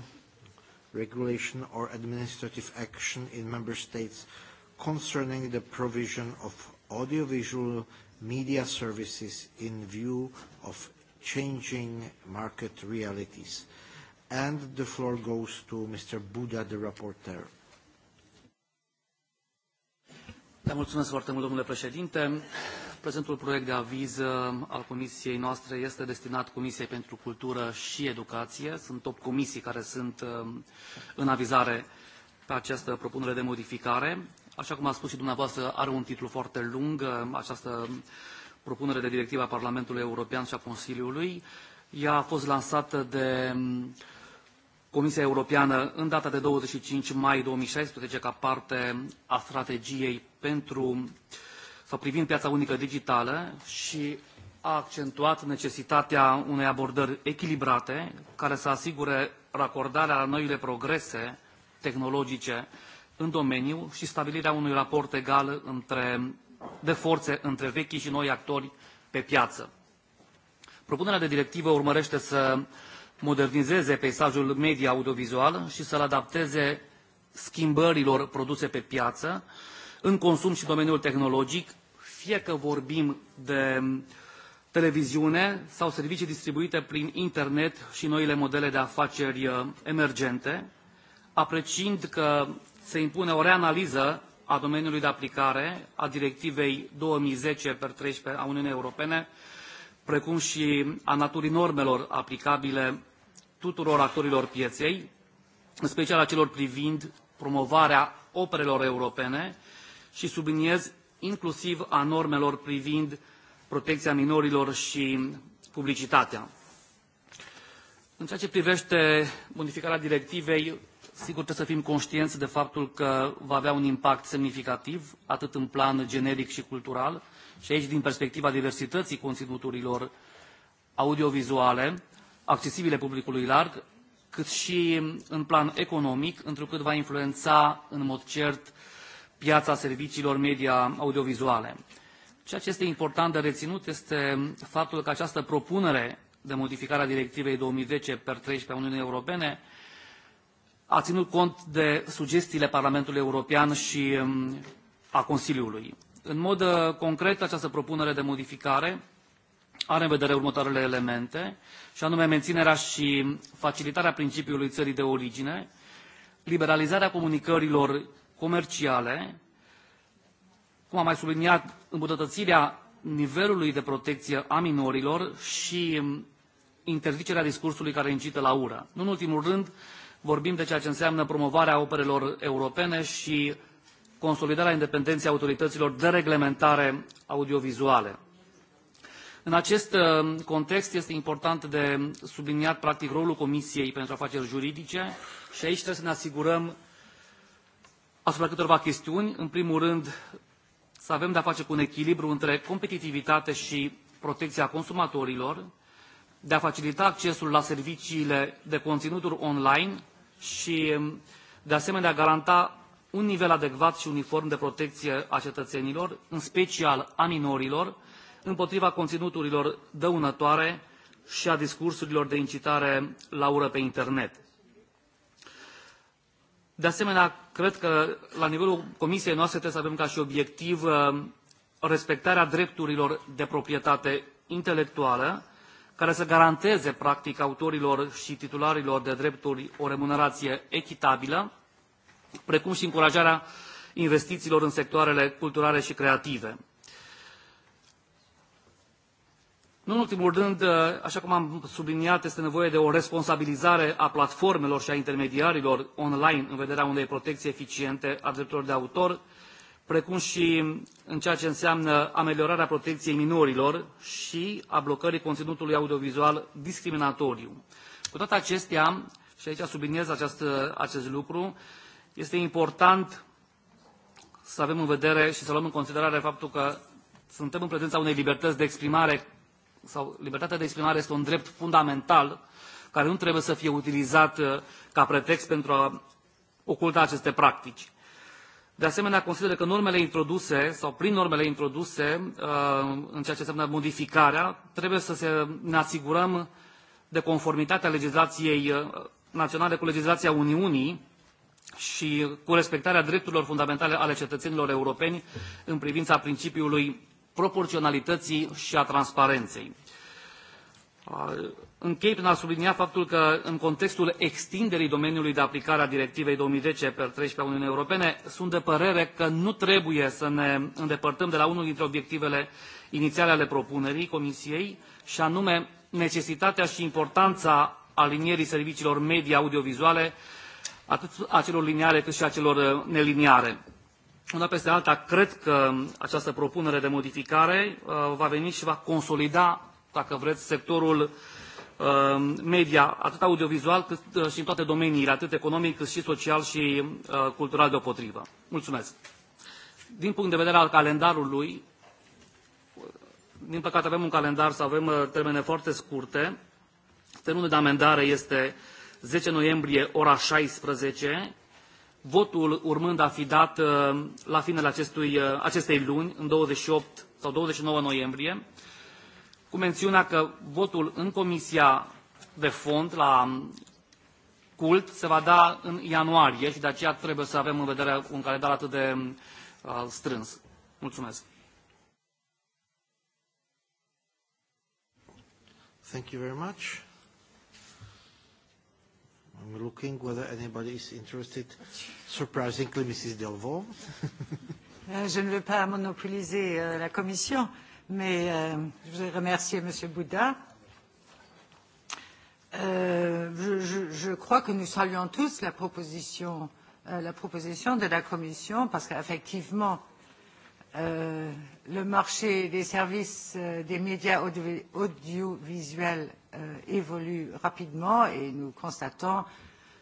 regulation or administrative action in member states concerning the provision of audiovisual media services in view of changing market realities. And the floor goes to Mr. Buda, the rapporteur. Da, mulțumesc foarte mult, domnule președinte. Prezentul proiect de aviz uh, al comisiei noastre este destinat Comisiei pentru Cultură și Educație. Sunt 8 comisii care sunt uh, în avizare pe această propunere de modificare. Așa cum a spus și dumneavoastră, are un titlu foarte lung uh, această propunere de directivă a Parlamentului European și a Consiliului. Ea a fost lansată de um, Comisia Europeană în data de 25 mai 2016 ca parte a strategiei pentru uh, privind piața unică digitală și a accentuat necesitatea unei abordări echilibrate care să asigure racordarea la noile progrese tehnologice în domeniu și stabilirea unui raport egal între, de forțe între vechii și noi actori pe piață. Propunerea de directivă urmărește să modernizeze peisajul media audiovizual și să-l adapteze schimbărilor produse pe piață, în consum și domeniul tehnologic, fie că vorbim de mm, televiziune sau servicii distribuite prin internet și noile modele de afaceri uh, emergente, apreciind că se impune o reanaliză a domeniului de aplicare a directivei 2010/13 a Uniunii Europene, precum și a naturii normelor aplicabile tuturor actorilor pieței, în special a celor privind promovarea operelor europene și subliniez inclusiv a normelor privind protecția minorilor și publicitatea. În ceea ce privește modificarea directivei, sigur trebuie să fim conștienți de faptul că va avea un impact semnificativ, atât în plan generic și cultural, și aici din perspectiva diversității conținuturilor audiovizuale, accesibile publicului larg, cât și în plan economic, întrucât va influența în mod cert piața serviciilor media audiovizuale. Ceea ce este important de reținut este faptul că această propunere de modificare a directivei 2010 per 13 a Uniunii Europene a ținut cont de sugestiile Parlamentului European și um, a Consiliului. În mod uh, concret, această propunere de modificare are în vedere următoarele elemente, și anume menținerea și facilitarea principiului țării de origine, liberalizarea comunicărilor comerciale, cum am mai subliniat, îmbunătățirea nivelului de protecție a minorilor și mm, interzicerea discursului care incită la ură. Nu în ultimul rând, vorbim de ceea ce înseamnă promovarea operelor europene și consolidarea independenței autorităților de reglementare audiovizuale. În acest mm, context este important de subliniat practic rolul Comisiei pentru Afaceri Juridice și aici trebuie să ne asigurăm asupra câteva chestiuni. În primul rând, să avem de-a face cu un echilibru între competitivitate și protecția consumatorilor, de a facilita accesul la serviciile de conținuturi online și, de asemenea, garanta un nivel adecvat și uniform de protecție a cetățenilor, în special a minorilor, împotriva conținuturilor dăunătoare și a discursurilor de incitare la ură pe internet. De asemenea, cred că la nivelul comisiei noastre trebuie să avem ca și obiectiv um, respectarea drepturilor de proprietate intelectuală, care să garanteze, practic, autorilor și titularilor de drepturi o remunerație echitabilă, precum și încurajarea investițiilor în sectoarele culturale și creative. Nu în ultimul rând, așa cum am subliniat, este nevoie de o responsabilizare a platformelor și a intermediarilor online în vederea unei protecții eficiente a drepturilor de autor, precum și în ceea ce înseamnă ameliorarea protecției minorilor și a blocării conținutului audiovizual discriminatoriu. Cu toate acestea, și aici subliniez acest, acest lucru, este important să avem în vedere și să luăm în considerare faptul că suntem în prezența unei libertăți de exprimare sau libertatea de exprimare este un drept fundamental care nu trebuie să fie utilizat uh, ca pretext pentru a oculta aceste practici. De asemenea, consider că normele introduse sau prin normele introduse uh, în ceea ce înseamnă modificarea, trebuie să se, ne asigurăm de conformitatea legislației uh, naționale cu legislația Uniunii și cu respectarea drepturilor fundamentale ale cetățenilor europeni în privința principiului proporționalității și a transparenței. Închei prin a sublinia faptul că în contextul extinderii domeniului de aplicare a directivei 2010 per 13 a Uniunii Europene, sunt de părere că nu trebuie să ne îndepărtăm de la unul dintre obiectivele inițiale ale propunerii Comisiei, și anume necesitatea și importanța alinierii serviciilor media audiovizuale, atât a celor lineare cât și a celor uh, neliniare Una peste alta, cred că această propunere de modificare uh, va veni și va consolida, dacă vreți, sectorul uh, media, atât audiovizual cât uh, și în toate domeniile, atât economic cât și social și cultural deopotrivă. Mulțumesc. Din punct de vedere al calendarului, din păcate avem un calendar să avem termene foarte scurte. Termenul de amendare este 10 noiembrie, ora 16, votul urmând a fi dat uh, la finele acestui, uh, acestei luni, în 28 sau 29 noiembrie, cu mențiunea că votul în Comisia de Fond la cult se va da în ianuarie și de aceea trebuie să avem în vedere un calendar atât de uh, strâns. Mulțumesc. Thank you very much. I'm looking whether anybody is interested. Surprisingly, Mrs. Delvaux. Euh, je ne veux pas monopoliser euh, la commission, mais euh, je voudrais remercier Monsieur Bouddha. Euh, je, je, je crois que nous saluons tous la proposition, euh, la proposition de la commission parce qu'effectivement, euh, euh, le marché des services euh, des médias audio audiovisuels euh, évolue rapidement et nous constatons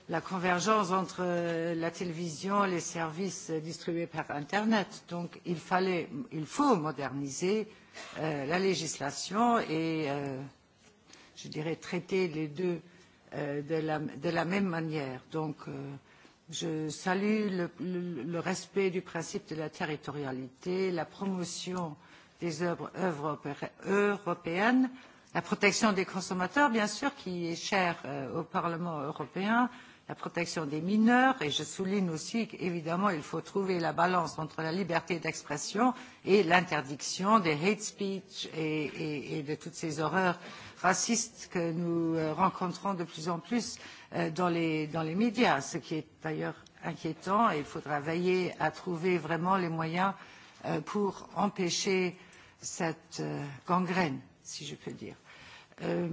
la convergence entre euh, la télévision et les services distribués par Internet. Donc il, fallait, il faut moderniser euh, la législation et, euh, je dirais, traiter les deux euh, de, la, de la même manière. Donc euh, Je salue le, le, le respect du principe de la territorialité, la promotion des œuvres, œuvres européennes, la protection des consommateurs, bien sûr, qui est chère euh, au Parlement européen, la protection des mineurs, et je souligne aussi qu'évidemment, il faut trouver la balance entre la liberté d'expression et l'interdiction des hate speech et, et, et de toutes ces horreurs racistes que nous euh, rencontrons de plus en plus. Euh, Euh, dans les, dans les médias, ce qui est d'ailleurs inquiétant et il faudra veiller à trouver vraiment les moyens euh, pour empêcher cette euh, gangrène, si je peux dire. Euh,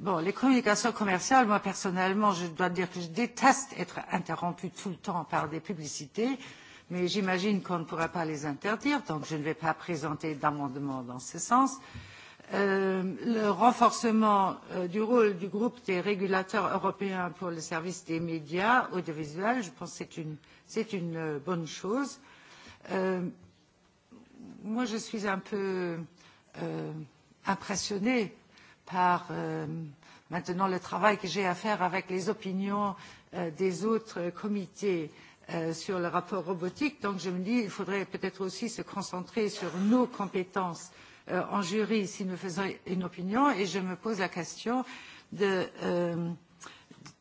bon, les communications commerciales, moi personnellement, je dois dire que je déteste être interrompue tout le temps par des publicités, mais j'imagine qu'on ne pourra pas les interdire, donc je ne vais pas présenter d'amendement dans ce sens. Euh, Euh, le renforcement euh, du rôle du groupe des régulateurs européens pour le service des médias audiovisuels, je pense que c'est une, c'est une euh, bonne chose. Euh, moi, je suis un peu euh, impressionnée par euh, maintenant le travail que j'ai à faire avec les opinions euh, des autres comités euh, sur le rapport robotique. Donc, je me dis, il faudrait peut-être aussi se concentrer sur nos compétences euh, euh, en jury si nous faisons une opinion et je me pose la question de, euh,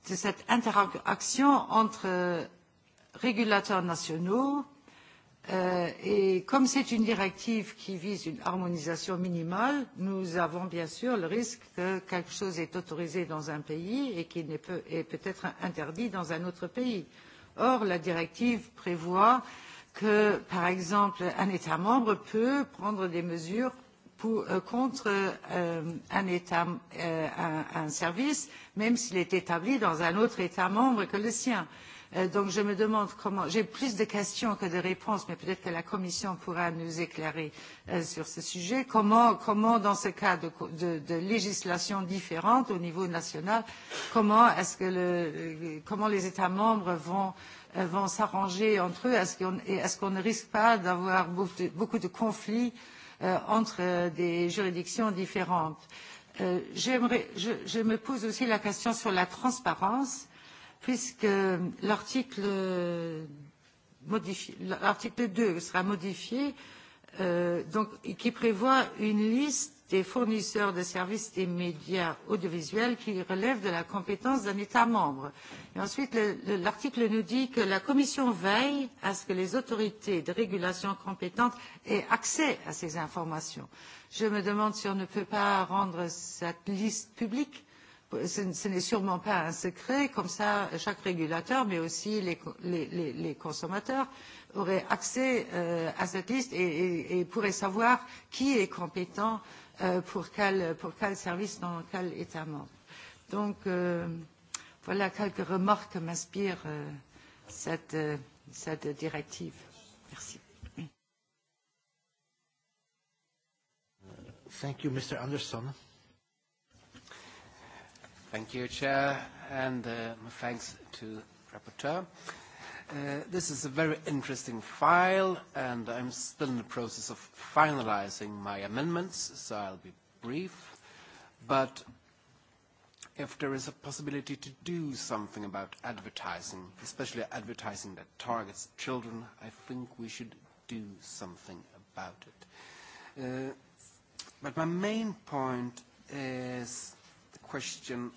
de cette interaction entre euh, régulateurs nationaux euh, et comme c'est une directive qui vise une harmonisation minimale, nous avons bien sûr le risque que quelque chose est autorisé dans un pays et qui peut, est peut-être interdit dans un autre pays. Or, la directive prévoit euh, que, par exemple, un État membre peut prendre des mesures pour, euh, contre euh, un, état, euh, un, un service, même s'il est établi dans un autre État membre que le sien. Euh, donc je me demande comment. J'ai plus de questions que de réponses, mais peut-être que la Commission pourra nous éclairer euh, sur ce sujet. Comment, comment dans ce cas de, de, de législation différente au niveau national, comment, est-ce que le, euh, comment les États membres vont euh, vont s'arranger entre eux Est-ce qu'on est qu ne risque pas d'avoir beaucoup de conflits euh, euh, entre euh, des juridictions différentes. Euh, je, je me pose aussi la question sur la transparence, puisque l'article l'article 2 sera modifié, euh, donc, qui prévoit une liste des fournisseurs de services des médias audiovisuels qui relèvent de la compétence d'un État membre. Et ensuite, l'article nous dit que la Commission veille à ce que les autorités de régulation compétentes aient accès à ces informations. Je me demande si on ne peut pas rendre cette liste publique ce, ce n'est sûrement pas un secret. Comme ça, chaque régulateur, mais aussi les, les, les, les consommateurs, auraient accès euh, à cette liste et, et, et pourraient savoir qui est compétent euh, pour, quel, pour quel service dans quel État membre. Donc, euh, voilà quelques remarques que m'inspire euh, cette, euh, cette directive. Merci. Thank you, Mr. Anderson. Thank you, Chair, and uh, thanks to Rapporteur. Uh, Uh, this is a very interesting file, and I'm still in the process of finalizing my amendments, so I'll be brief. But if there is a possibility to do something about advertising, especially advertising that targets children, I think we should do something about it. Uh, but my main point is the question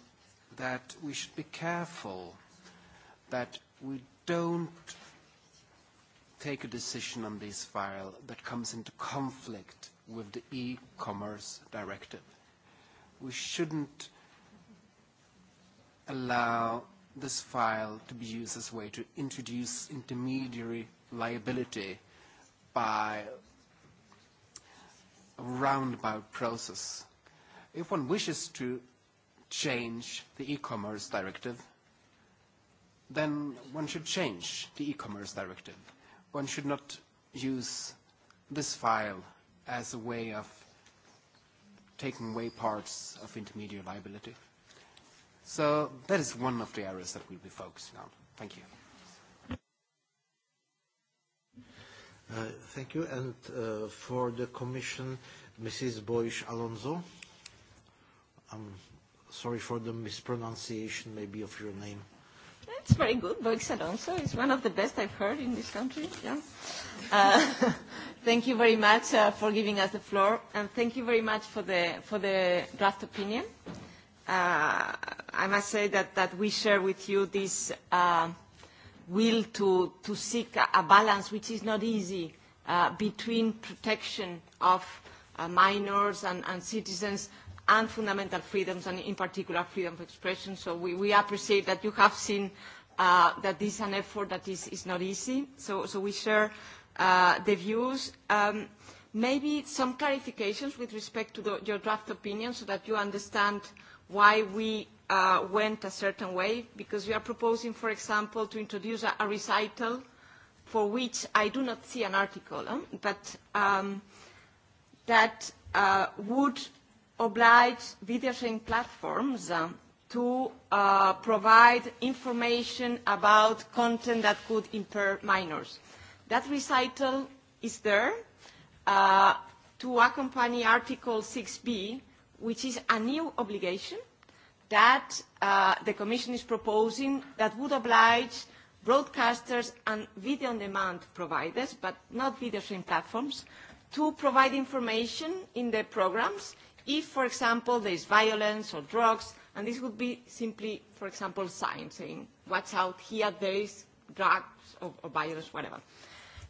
that we should be careful that we don't take a decision on this file that comes into conflict with the e-commerce directive. We shouldn't allow this file to be used as a way to introduce intermediary liability by a roundabout process. If one wishes to change the e-commerce directive, then one should change the e-commerce directive. One should not use this file as a way of taking away parts of intermediary liability. So that is one of the areas that we'll be focusing on. Thank you. Uh, thank you. And uh, for the commission, Mrs. Boish Alonso. I'm sorry for the mispronunciation maybe of your name. That's very good. Bo Excellenza is one of the best I've heard in this country. Yeah. Uh, thank you very much uh, for giving us the floor, and thank you very much for the, for the draft opinion. Uh, I must say that, that we share with you this uh, will to, to seek a balance, which is not easy, uh, between protection of uh, minors and, and citizens and fundamental freedoms, and in particular freedom of expression. So we, we appreciate that you have seen uh, that this is an effort that is, is not easy. So, so we share uh, the views. Um, maybe some clarifications with respect to the, your draft opinion so that you understand why we uh, went a certain way, because we are proposing, for example, to introduce a, a recital for which I do not see an article, eh? but um, that uh, would oblige video sharing platforms uh, to uh, provide information about content that could impair minors. That recital is there uh, to accompany Article 6b, which is a new obligation that uh, the Commission is proposing that would oblige broadcasters and video-on-demand providers, but not video streaming platforms, to provide information in their programs if, for example, there is violence or drugs, and this would be simply, for example, signs saying, watch out, here there is drugs or, or violence, whatever.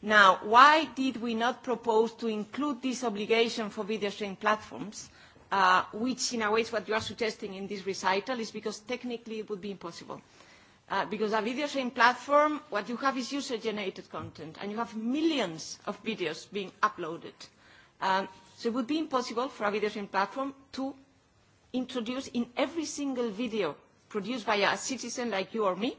Now, why did we not propose to include this obligation for video streaming platforms, uh, which in a way is what you are suggesting in this recital, is because technically it would be impossible. Uh, because a video streaming platform, what you have is user-generated content, and you have millions of videos being uploaded. Um, So it would be impossible for a video sharing platform to introduce in every single video produced by a citizen like you or me,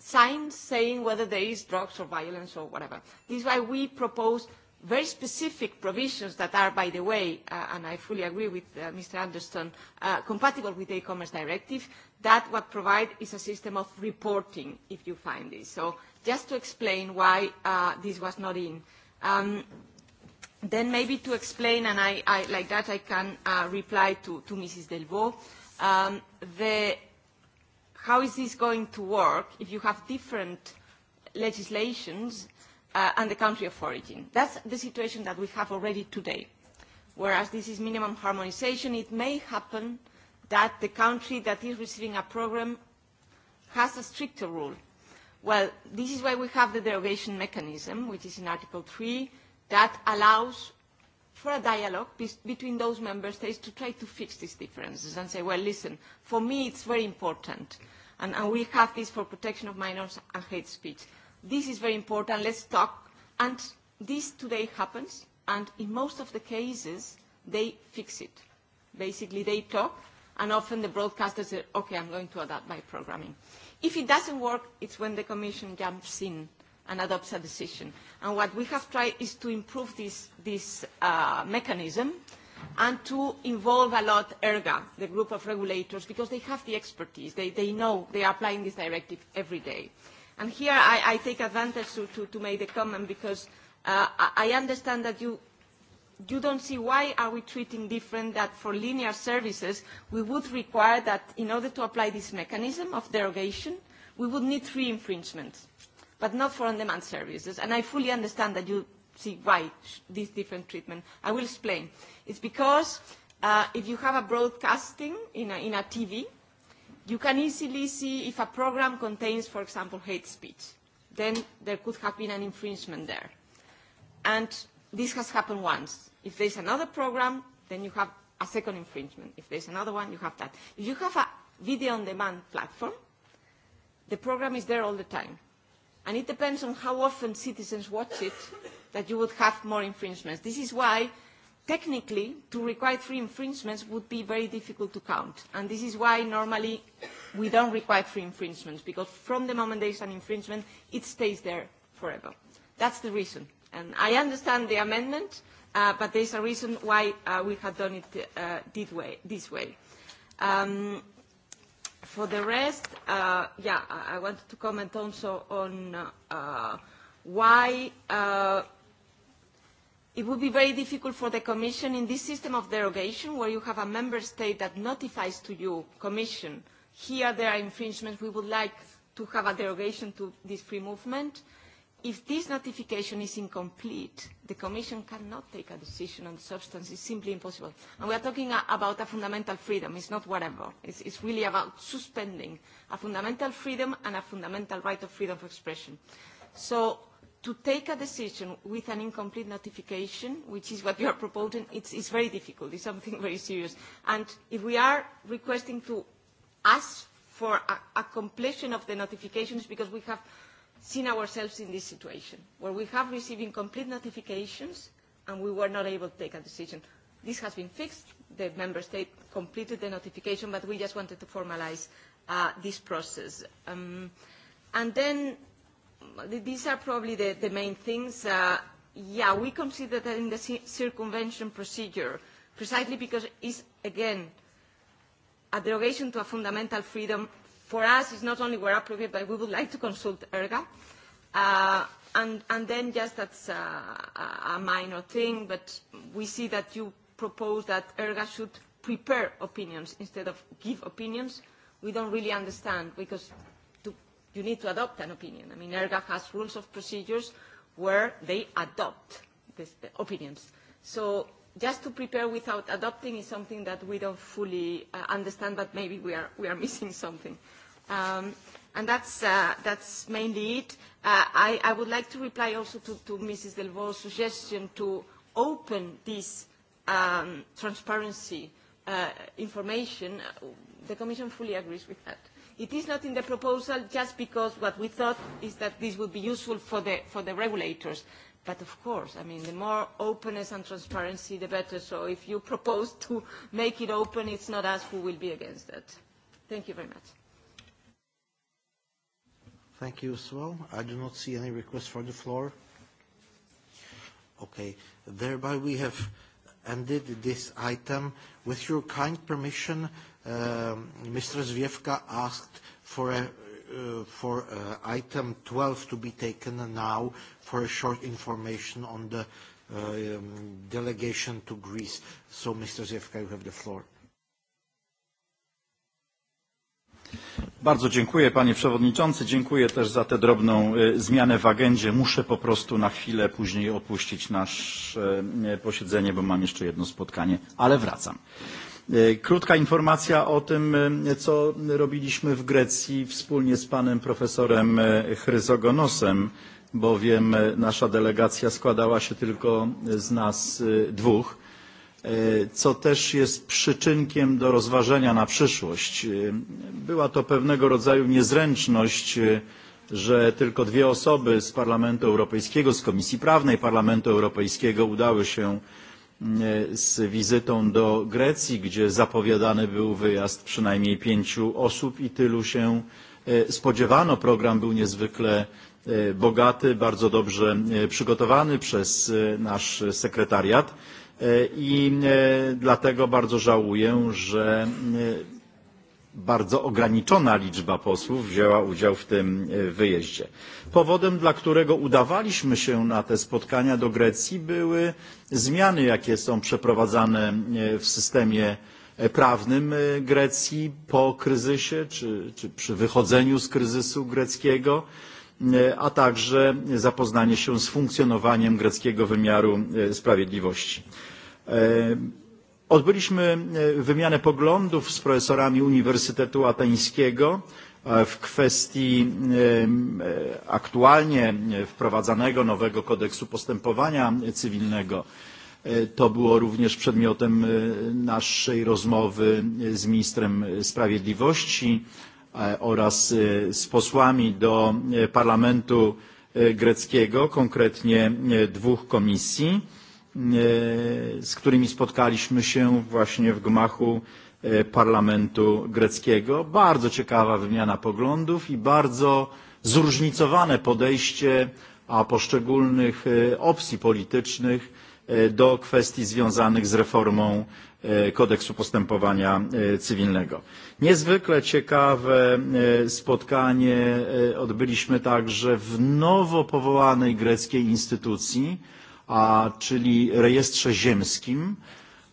signs saying whether there is drugs or violence or whatever. This is why we propose very specific provisions that are, by the way, uh, and I fully agree with uh, Mr. Anderson, uh, compatible with the e-commerce directive, that what provide is a system of reporting if you find this. So just to explain why uh, this was not in. Um, Then maybe to explain, and I, I, like that I can uh, reply to, to Mrs. Delvaux, um, the, how is this going to work if you have different legislations uh, and the country of origin? That's the situation that we have already today. Whereas this is minimum harmonization, it may happen that the country that is receiving a program has a stricter rule. Well, this is why we have the derogation mechanism, which is in Article 3, that allows for a dialogue be between those member states to try to fix these differences and say, well, listen, for me it's very important, and, and we have this for protection of minors and hate speech. This is very important, let's talk. And this today happens, and in most of the cases, they fix it. Basically, they talk, and often the broadcasters say, okay, I'm going to adapt my programming. If it doesn't work, it's when the Commission jumps in and adopts a decision. And what we have tried is to improve this, this uh, mechanism and to involve a lot ERGA, the group of regulators, because they have the expertise. They, they know they are applying this directive every day. And here I, I take advantage to, to, to make the comment because uh, I understand that you, you don't see why are we treating different that for linear services we would require that in order to apply this mechanism of derogation, we would need three infringements but not for on-demand services. And I fully understand that you see why this different treatment. I will explain. It's because uh, if you have a broadcasting in a, in a TV, you can easily see if a program contains, for example, hate speech. Then there could have been an infringement there. And this has happened once. If there's another program, then you have a second infringement. If there's another one, you have that. If you have a video on demand platform, the program is there all the time. And it depends on how often citizens watch it that you would have more infringements. This is why, technically, to require three infringements would be very difficult to count. And this is why, normally, we don't require three infringements, because from the moment there is an infringement, it stays there forever. That's the reason. And I understand the amendment, uh, but there's a reason why uh, we have done it uh, this way. This way. Um, for the rest, uh, yeah, I, I wanted to comment also on uh, why uh, it would be very difficult for the Commission in this system of derogation where you have a member state that notifies to you, Commission, here there are infringements, we would like to have a derogation to this free movement. Uh, if this notification is incomplete, the Commission cannot take a decision on the substance. It's simply impossible. And we are talking a, about a fundamental freedom. It's not whatever. It's, it's really about suspending a fundamental freedom and a fundamental right of freedom of expression. So to take a decision with an incomplete notification, which is what you are proposing, it's, it's very difficult. It's something very serious. And if we are requesting to ask for a, a completion of the notifications because we have – seen ourselves in this situation, where we have received incomplete notifications and we were not able to take a decision. This has been fixed. The member state completed the notification, but we just wanted to formalize uh, this process. Um, and then these are probably the, the main things. Uh, yeah, we consider that in the circumvention procedure, precisely because it's, again, a derogation to a fundamental freedom for us, it's not only we're approving, but we would like to consult ERGA. Uh, and, and then just that's a, a minor thing, but we see that you propose that ERGA should prepare opinions instead of give opinions. We don't really understand because to, you need to adopt an opinion. I mean, ERGA has rules of procedures where they adopt this, the opinions. So just to prepare without adopting is something that we don't fully uh, understand, but maybe we are, we are missing something. Um, and that's, uh, that's mainly it. Uh, I, I would like to reply also to, to Mrs. Delvaux's suggestion to open this um, transparency uh, information. The Commission fully agrees with that. It is not in the proposal just because what we thought is that this would be useful for the, for the regulators But of course, I mean, the more openness and transparency, the better. So if you propose to make it open, it's not us who will be against that. Thank you very much. Thank you as well. I do not see any requests for the floor. Okay. Thereby, we have ended this item. With your kind permission, uh, um, Mr. Zwiefka asked for a uh, for uh, item 12 to be taken now for a short information on the uh, um, delegation to Greece. So, Mr. Ziewka, you have the floor. Bardzo dziękuję panie przewodniczący. Dziękuję też za tę drobną e, zmianę w agendzie. Muszę po prostu na chwilę później opuścić nasze e, posiedzenie, bo mam jeszcze jedno spotkanie, ale wracam. E, krótka informacja o tym, e, co robiliśmy w Grecji wspólnie z panem profesorem e, Chryzogonosem, bowiem nasza delegacja składała się tylko z nas dwóch, co też jest przyczynkiem do rozważenia na przyszłość. Była to pewnego rodzaju niezręczność, że tylko dwie osoby z Parlamentu Europejskiego, z Komisji Prawnej Parlamentu Europejskiego udały się E, z wizytą do Grecji, gdzie zapowiadany był wyjazd przynajmniej pięciu osób i tylu się e, spodziewano. Program był niezwykle e, bogaty, bardzo dobrze przygotowany przez nasz sekretariat i dlatego bardzo żałuję, że bardzo ograniczona liczba posłów wzięła udział w tym e, wyjeździe. Powodem, dla którego udawaliśmy się na te spotkania do Grecji, były zmiany, jakie są przeprowadzane e, w systemie e, prawnym Grecji po kryzysie czy, czy przy wychodzeniu z kryzysu greckiego, a także zapoznanie się z funkcjonowaniem greckiego wymiaru sprawiedliwości. Odbyliśmy e, wymianę poglądów z profesorami Uniwersytetu Ateńskiego e, w kwestii e, aktualnie wprowadzanego nowego kodeksu postępowania cywilnego. To było również przedmiotem naszej rozmowy z ministrem sprawiedliwości oraz z posłami do Parlamentu greckiego, konkretnie dwóch komisji E, z którymi spotkaliśmy się właśnie w gmachu e, parlamentu greckiego. Bardzo ciekawa wymiana poglądów i bardzo zróżnicowane podejście a poszczególnych e, opcji politycznych do kwestii związanych z reformą kodeksu postępowania cywilnego. Niezwykle ciekawe spotkanie odbyliśmy także w nowo powołanej greckiej instytucji, a, czyli rejestrze ziemskim.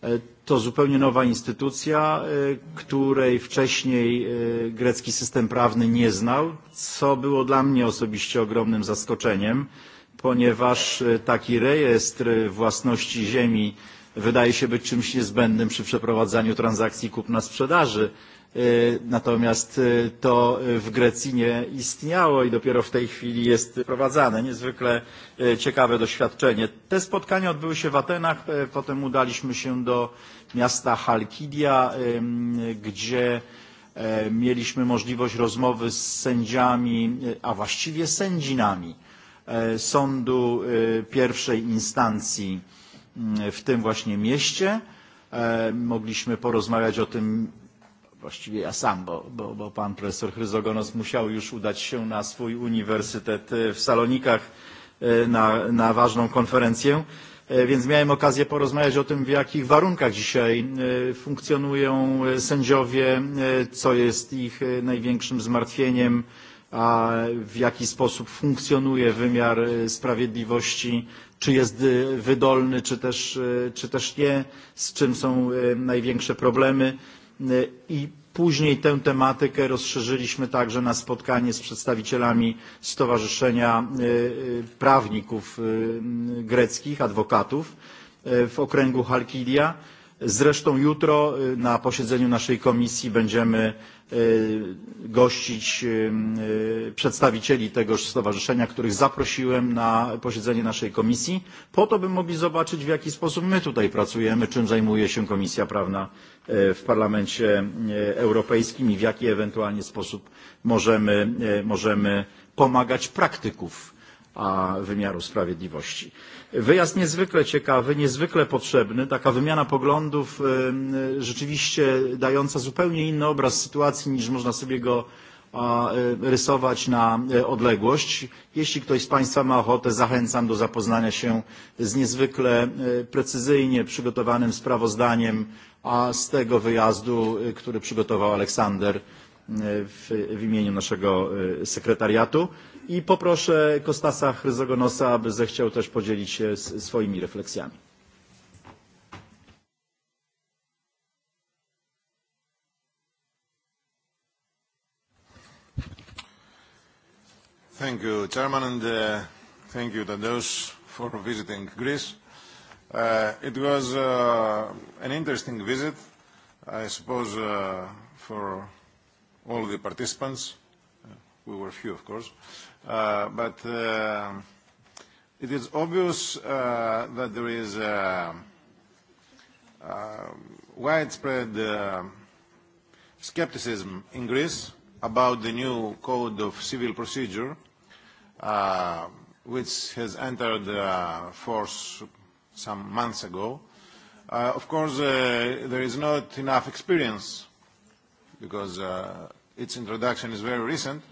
E, to zupełnie nowa instytucja, e, której wcześniej e, grecki system prawny nie znał, co było dla mnie osobiście ogromnym zaskoczeniem, ponieważ taki rejestr własności ziemi wydaje się być czymś niezbędnym przy przeprowadzaniu transakcji kupna-sprzedaży. E, natomiast e, to w Grecji nie istniało i dopiero w tej chwili jest prowadzane. Niezwykle e, ciekawe doświadczenie. Te spotkania odbyły się w Atenach, potem udaliśmy się do miasta Halkidia, gdzie mieliśmy możliwość rozmowy z sędziami, a właściwie sędzinami Sądu Pierwszej Instancji w tym właśnie mieście. E, mogliśmy porozmawiać o tym właściwie ja sam, bo, bo, bo pan profesor Chryzogonos musiał już udać się na swój uniwersytet e, w Salonikach e, na, na ważną konferencję, więc miałem okazję porozmawiać o tym, w jakich warunkach dzisiaj funkcjonują sędziowie, co jest ich największym zmartwieniem, w jaki sposób funkcjonuje wymiar sprawiedliwości, czy jest wydolny, czy też, czy też nie, z czym są największe problemy. I później tę tematykę rozszerzyliśmy także na spotkanie z przedstawicielami Stowarzyszenia Prawników Greckich, adwokatów w okręgu Halkidia. Zresztą jutro na posiedzeniu naszej komisji będziemy E, gościć e, e, przedstawicieli tegoż stowarzyszenia, których zaprosiłem na posiedzenie naszej komisji, po to, by mogli zobaczyć, w jaki sposób my tutaj pracujemy, czym zajmuje się Komisja Prawna w Parlamencie Europejskim i w jaki ewentualnie sposób możemy, możemy pomagać praktyków wymiaru sprawiedliwości. Wyjazd niezwykle ciekawy, niezwykle potrzebny, taka wymiana poglądów rzeczywiście dająca zupełnie inny obraz sytuacji niż można sobie go e, rysować na e, odległość. Jeśli ktoś z Państwa ma ochotę, zachęcam do zapoznania się z niezwykle e, precyzyjnie przygotowanym sprawozdaniem z tego wyjazdu, który przygotował Aleksander w, w imieniu naszego sekretariatu. I poproszę Kostasa Chryzogonosa, aby zechciał też podzielić się z, swoimi refleksjami. Thank you, Chairman, and uh, thank you, Tadeusz, for visiting Greece. Uh, it was uh, an interesting visit, I suppose, uh, for all the participants. Uh, we were few, of course. Uh, Uh, but uh, it is obvious uh, that there is uh, uh, widespread uh, skepticism in Greece about the new Code of Civil Procedure, uh, which has entered uh, force some months ago. Uh, of course, uh, there is not enough experience because uh, its introduction is very recent,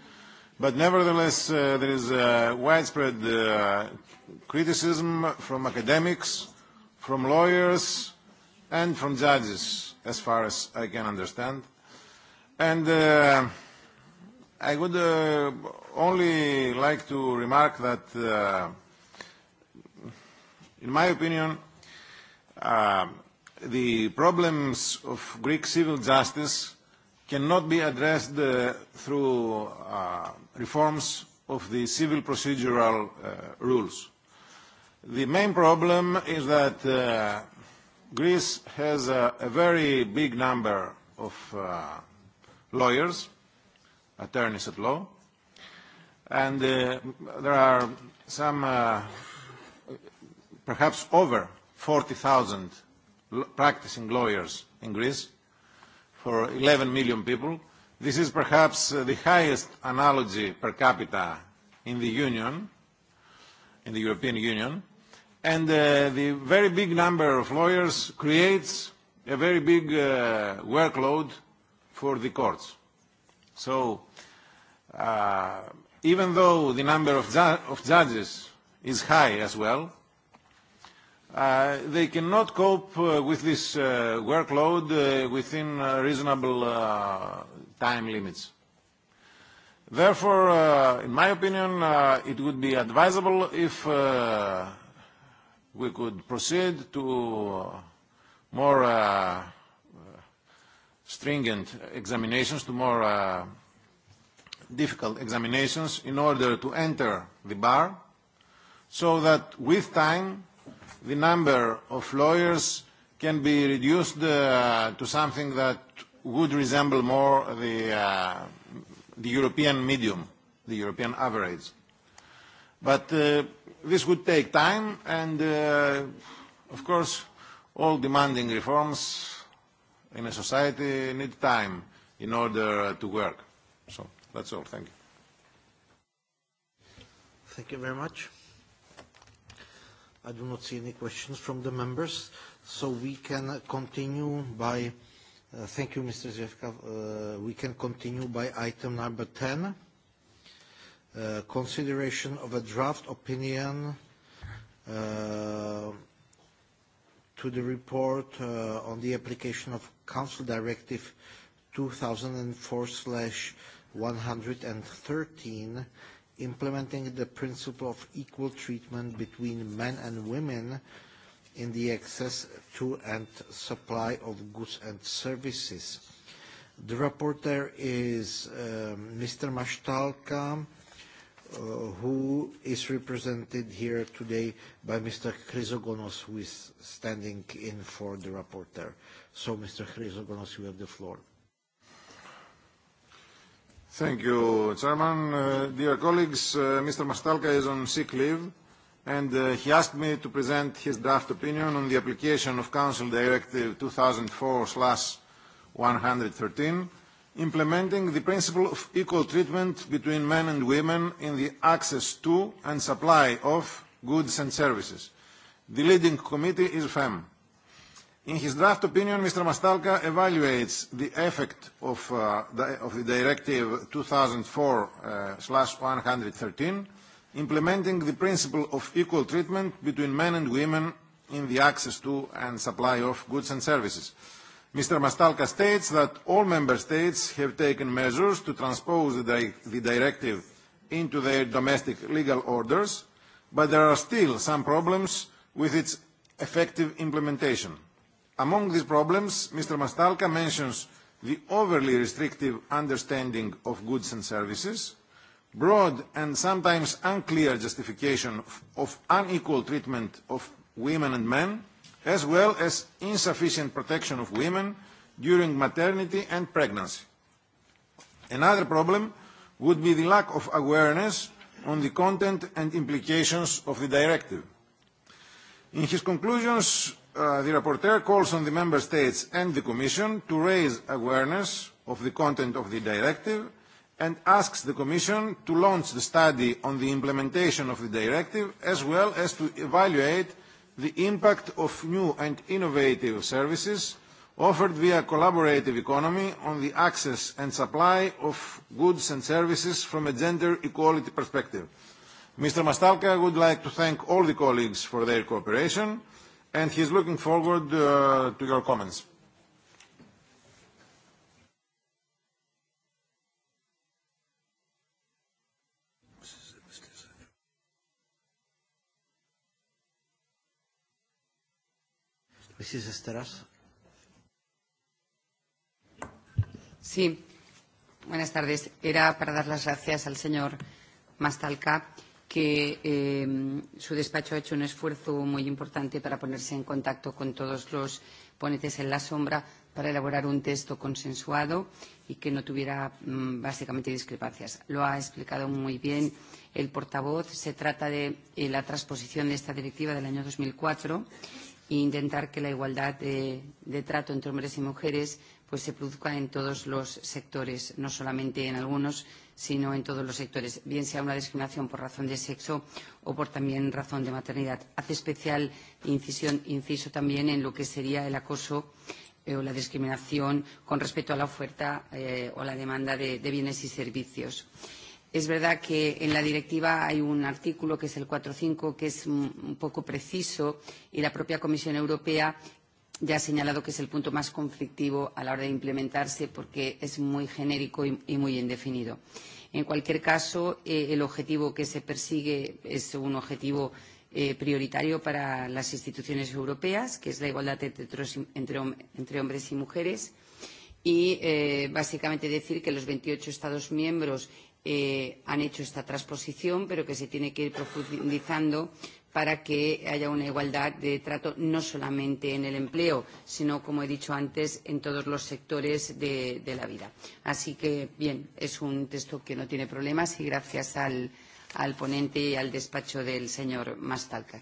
But nevertheless, uh, there is uh, widespread uh, criticism from academics, from lawyers, and from judges, as far as I can understand. And uh, I would uh, only like to remark that, uh, in my opinion, uh, the problems of Greek civil justice cannot be addressed uh, through uh, reforms of the civil procedural uh, rules. The main problem is that uh, Greece has a, a very big number of uh, lawyers, attorneys at law, and uh, there are some, uh, perhaps over 40,000 practicing lawyers in Greece for 11 million people This is perhaps uh, the highest analogy per capita in the Union, in the European Union, and uh, the very big number of lawyers creates a very big uh, workload for the courts. So uh, even though the number of, ju of judges is high as well, uh, they cannot cope uh, with this uh, workload uh, within a reasonable uh, time limits. Therefore, uh, in my opinion, uh, it would be advisable if uh, we could proceed to more uh, stringent examinations, to more uh, difficult examinations in order to enter the bar, so that with time the number of lawyers can be reduced uh, to something that would resemble more the, uh, the European medium, the European average. But uh, this would take time, and uh, of course, all demanding reforms in a society need time in order to work. So that's all. Thank you. Thank you very much. I do not see any questions from the members, so we can continue by Uh, thank you, Mr. Zhevka. Uh, we can continue by item number 10, uh, consideration of a draft opinion uh, to the report uh, on the application of Council Directive 2004/113, implementing the principle of equal treatment between men and women uh, in the access to and supply of goods and services. The rapporteur is uh, um, Mr. Mashtalka, uh, who is represented here today by Mr. Chrysogonos, who is standing in for the rapporteur. So, Mr. Chrysogonos, you have the floor. Thank you, Chairman. Uh, dear colleagues, uh, Mr. Mastalka is on sick leave and uh, he asked me to present his draft opinion on the application of Council Directive 2004/113, implementing the principle of equal treatment between men and women in the access to and supply of goods and services. The leading committee is FEM. In his draft opinion, Mr. Mastalka evaluates the effect of, uh, the, of the Directive 2004/113 implementing the principle of equal treatment between men and women in the access to and supply of goods and services. Mr. Mastalka states that all member states have taken measures to transpose the, di the directive into their domestic legal orders, but there are still some problems with its effective implementation. Among these problems, Mr. Mastalka mentions the overly restrictive understanding of goods and services, broad and sometimes unclear justification of, of unequal treatment of women and men, as well as insufficient protection of women during maternity and pregnancy. Another problem would be the lack of awareness on the content and implications of the directive. In his conclusions, uh, the rapporteur calls on the Member States and the Commission to raise awareness of the content of the directive and asks the Commission to launch the study on the implementation of the directive as well as to evaluate the impact of new and innovative services offered via collaborative economy on the access and supply of goods and services from a gender equality perspective. Mr. Mastalka would like to thank all the colleagues for their cooperation and he is looking forward uh, to your comments. Mrs. Esteras. Sí, buenas tardes. Era para dar las gracias al señor Mastalka, que eh, su despacho ha hecho un esfuerzo muy importante para ponerse en contacto con todos los ponentes en la sombra para elaborar un texto consensuado y que no tuviera mmm, básicamente discrepancias. Lo ha explicado muy bien el portavoz. Se trata de eh, la transposición de esta directiva del año 2004 e intentar que la igualdad de, de trato entre hombres y mujeres pues se produzca en todos los sectores, no solamente en algunos, sino en todos los sectores, bien sea una discriminación por razón de sexo o por también razón de maternidad. Hace especial incisión, inciso también en lo que sería el acoso eh, o la discriminación con respecto a la oferta eh, o la demanda de, de bienes y servicios. Eh, Es verdad que en la directiva hay un artículo, que es el 4.5, que es un poco preciso y la propia Comisión Europea ya ha señalado que es el punto más conflictivo a la hora de implementarse porque es muy genérico y, y muy indefinido. En cualquier caso, eh, el objetivo que se persigue es un objetivo eh, prioritario para las instituciones europeas, que es la igualdad entre, entre, entre hombres y mujeres. Y eh, básicamente decir que los 28 Estados miembros eh, han hecho esta transposición, pero que se tiene que ir profundizando para que haya una igualdad de trato no solamente en el empleo, sino, como he dicho antes, en todos los sectores de, de la vida. Así que, bien, es un texto que no tiene problemas y gracias al, al ponente y al despacho del señor Mastalka.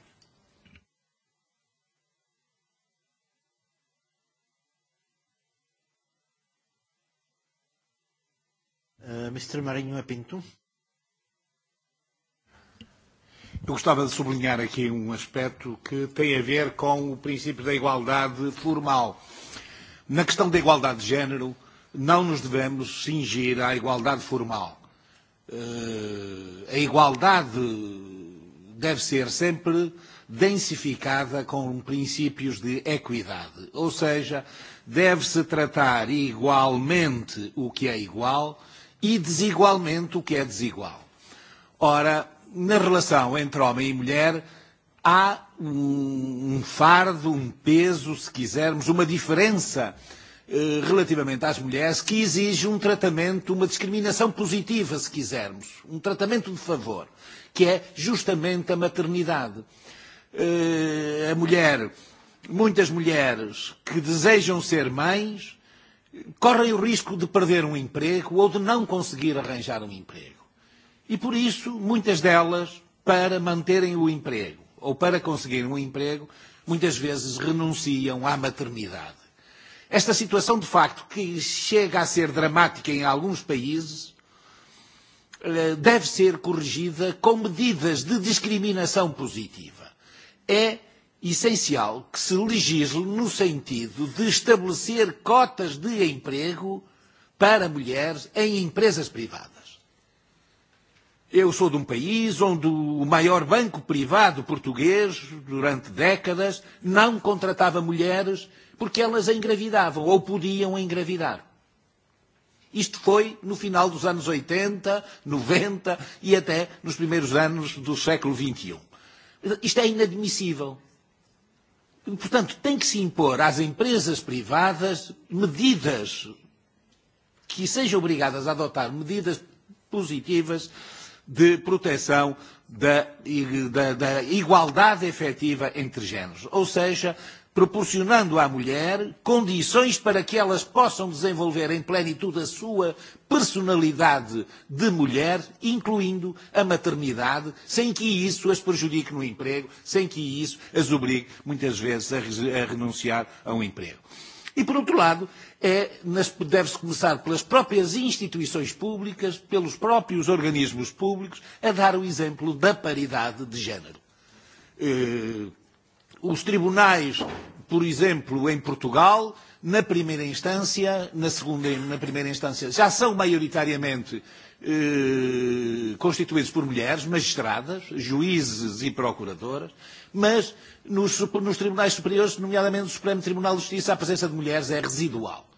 Uh, Mr. Marinho Pinto. Eu gostava de sublinhar aqui um aspecto que tem a ver com o princípio da igualdade formal. Na questão da igualdade de género, não nos devemos cingir à igualdade formal. Uh, a igualdade deve ser sempre densificada com princípios de equidade, ou seja, deve-se tratar igualmente o que é igual e desigualmente o que é desigual. Ora, na relação entre homem e mulher, há um, um fardo, um peso, se quisermos, uma diferença eh, relativamente às mulheres que exige um tratamento, uma discriminação positiva, se quisermos, um tratamento de favor, que é justamente a maternidade. Eh, a mulher, muitas mulheres que desejam ser mães, correm o risco de perder um emprego ou de não conseguir arranjar um emprego. E por isso, muitas delas, para manterem o emprego ou para conseguirem um emprego, muitas vezes renunciam à maternidade. Esta situação, de facto, que chega a ser dramática em alguns países, eh, deve ser corrigida com medidas de discriminação positiva. É essencial que se legisle no sentido de estabelecer cotas de emprego para mulheres em empresas privadas. Eu sou de um país onde o maior banco privado português, durante décadas, não contratava mulheres porque elas engravidavam ou podiam engravidar. Isto foi no final dos anos 80, 90 e até nos primeiros anos do século XXI. E um. Isto é inadmissível. Portanto, tem que se impor às empresas privadas medidas que sejam obrigadas a adotar medidas positivas de proteção da, da, da igualdade efetiva entre géneros. Ou seja, proporcionando à mulher condições para que elas possam desenvolver em plenitude a sua personalidade de mulher, incluindo a maternidade, sem que isso as prejudique no emprego, sem que isso as obrigue, muitas vezes, a, a renunciar a um emprego. E, por outro lado, é, deve-se começar pelas próprias instituições públicas, pelos próprios organismos públicos, a dar o exemplo da paridade de género eh, os tribunais, por exemplo, em Portugal, na primeira instância, na segunda e na primeira instância, já são maioritariamente eh, constituídos por mulheres, magistradas, juízes e procuradoras, mas nos, nos tribunais superiores, nomeadamente no Supremo Tribunal de Justiça, a presença de mulheres é residual.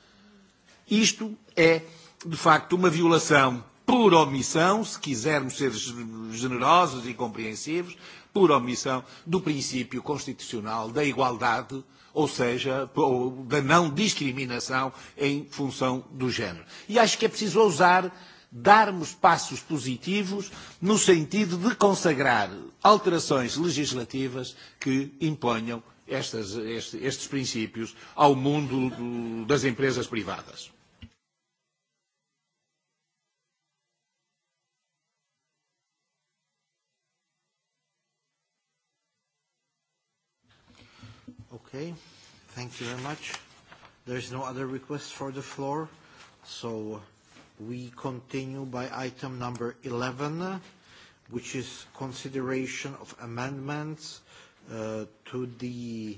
Isto é, de facto, uma violação por omissão, se quisermos ser generosos e compreensivos, por omissão do princípio constitucional da igualdade, ou seja, ou da não discriminação em função do género. E acho que é preciso ousar darmos passos positivos no sentido de consagrar alterações legislativas que imponham estas, este, estes princípios ao mundo do, das empresas privadas. Okay. Thank you very much. There is no other request for the floor, so we continue by item number 11, which is consideration of amendments uh, to the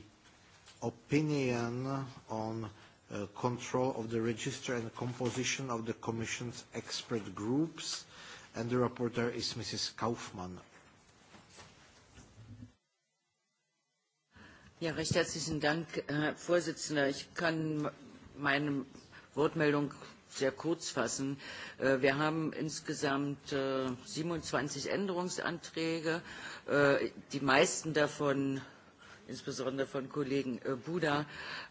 opinion on uh, control of the register and composition of the Commission's expert groups, and the reporter is Mrs. Kaufmann. Ja, recht herzlichen Dank, Herr Vorsitzender. Ich kann meine Wortmeldung sehr kurz fassen. Äh, wir haben insgesamt 27 äh, Änderungsanträge. Äh, die meisten davon insbesondere von Kollegen äh, Buda,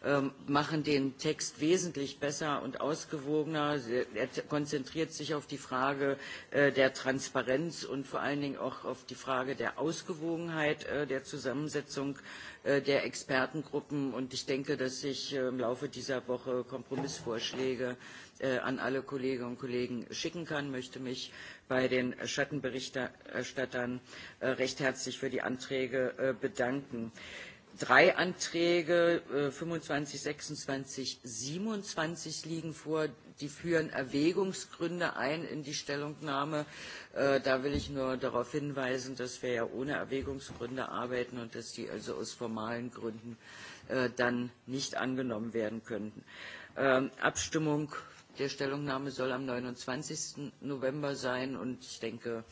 ähm, machen den Text wesentlich besser und ausgewogener. Er konzentriert sich auf die Frage äh, der Transparenz und vor allen Dingen auch auf die Frage der Ausgewogenheit äh, der Zusammensetzung der Expertengruppen. Und ich denke, dass sich im Laufe dieser Woche Kompromissvorschläge äh, äh, an alle Kolleginnen und Kollegen schicken kann. Ich möchte mich bei den Schattenberichterstattern äh, recht herzlich für die Anträge äh, bedanken. Drei Anträge, äh, 25, 26, 27 liegen vor. Die führen Erwägungsgründe ein in die Stellungnahme. Äh, da will ich nur darauf hinweisen, dass wir ja ohne Erwägungsgründe arbeiten und dass die also aus formalen Gründen äh, dann nicht angenommen werden könnten. Ähm, Abstimmung der Stellungnahme soll am 29. November sein und ich denke,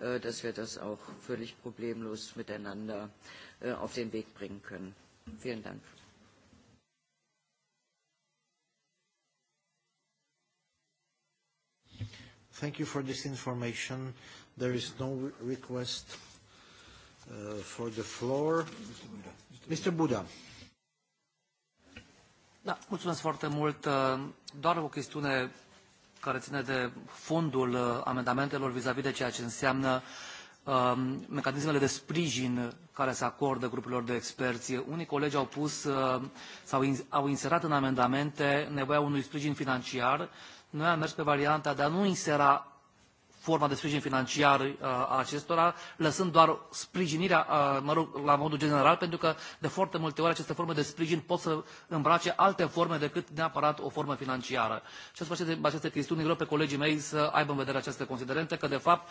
äh, dass wir das auch völlig problemlos miteinander äh, auf den Weg bringen können. Vielen Dank. Thank you for this information. There is no request uh, for the floor. Mr. Buda. Mr. Buda. Da, mulțumesc foarte mult. Uh, doar o chestiune care ține de fondul uh, amendamentelor vis-a-vis -vis de ceea ce înseamnă um, mecanismele de sprijin care se acordă grupurilor de experți. Unii colegi au pus uh, sau in, au inserat în amendamente nevoia unui sprijin financiar. Noi am mers pe varianta de a nu insera forma de sprijin financiar uh, a acestora, lăsând doar sprijinirea, uh, mă rog, la modul general, pentru că de foarte multe ori aceste forme de sprijin pot să îmbrace alte forme decât neapărat o formă financiară. Și asupra aceste, aceste chestiuni greu pe colegii mei să aibă în vedere aceste considerente, că de fapt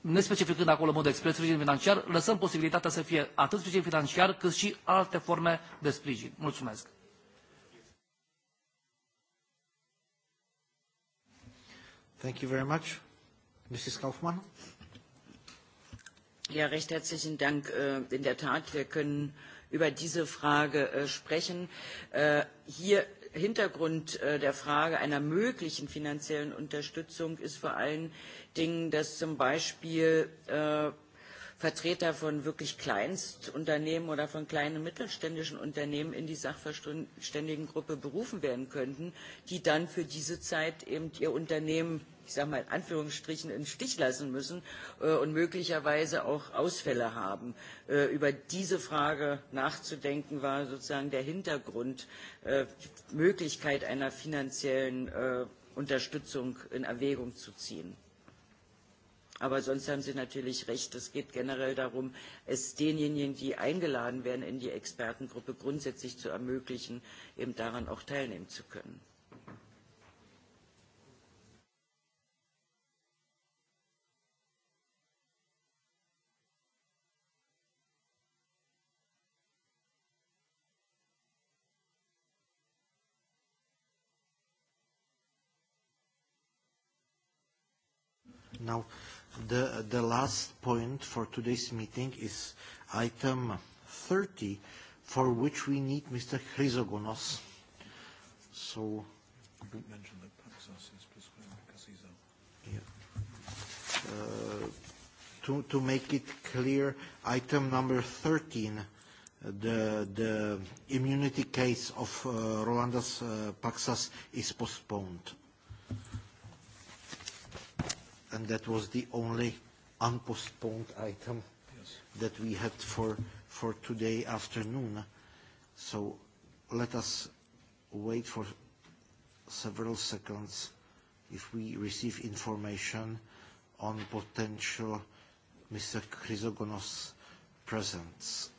nespecificând acolo în mod expres sprijin financiar, lăsăm posibilitatea să fie atât sprijin financiar cât și alte forme de sprijin. Mulțumesc! Thank you very much. Mrs. Kaufmann. Ja, recht herzlichen Dank. Äh, in der Tat, wir können über diese Frage äh, sprechen. Äh, hier Hintergrund der Frage einer möglichen finanziellen Unterstützung ist vor allen Dingen, dass zum Beispiel Vertreter von wirklich Kleinstunternehmen oder von kleinen mittelständischen Unternehmen in die Sachverständigengruppe berufen werden könnten, die dann für diese Zeit eben ihr Unternehmen ich sage mal in Anführungsstrichen, im Stich lassen müssen äh, und möglicherweise auch Ausfälle haben. Äh, über diese Frage nachzudenken war sozusagen der Hintergrund, äh, die Möglichkeit einer finanziellen äh, Unterstützung in Erwägung zu ziehen. Aber sonst haben Sie natürlich recht. Es geht generell darum, es denjenigen, die eingeladen werden, in die Expertengruppe grundsätzlich zu ermöglichen, eben daran auch teilnehmen zu können. Now, the, the last point for today's meeting is item 30, for which we need Mr. Chrysogonos. So... I didn't mention that Paxos is prescribed because he's out. Yeah. Uh, to, to make it clear, item number 13 the, the immunity case of uh, Rolandas uh, Paxas is postponed and that was the only unpostponed item yes. that we had for, for today afternoon. So let us wait for several seconds if we receive information on potential Mr. Chrysogonos presence.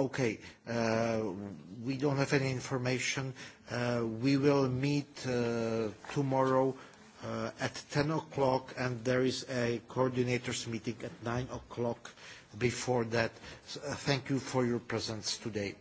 Okay. Uh, we don't have any information. Uh, we will meet uh, tomorrow uh, at 10 o'clock, and there is a coordinators meeting at 9 o'clock before that. So, uh, thank you for your presence today.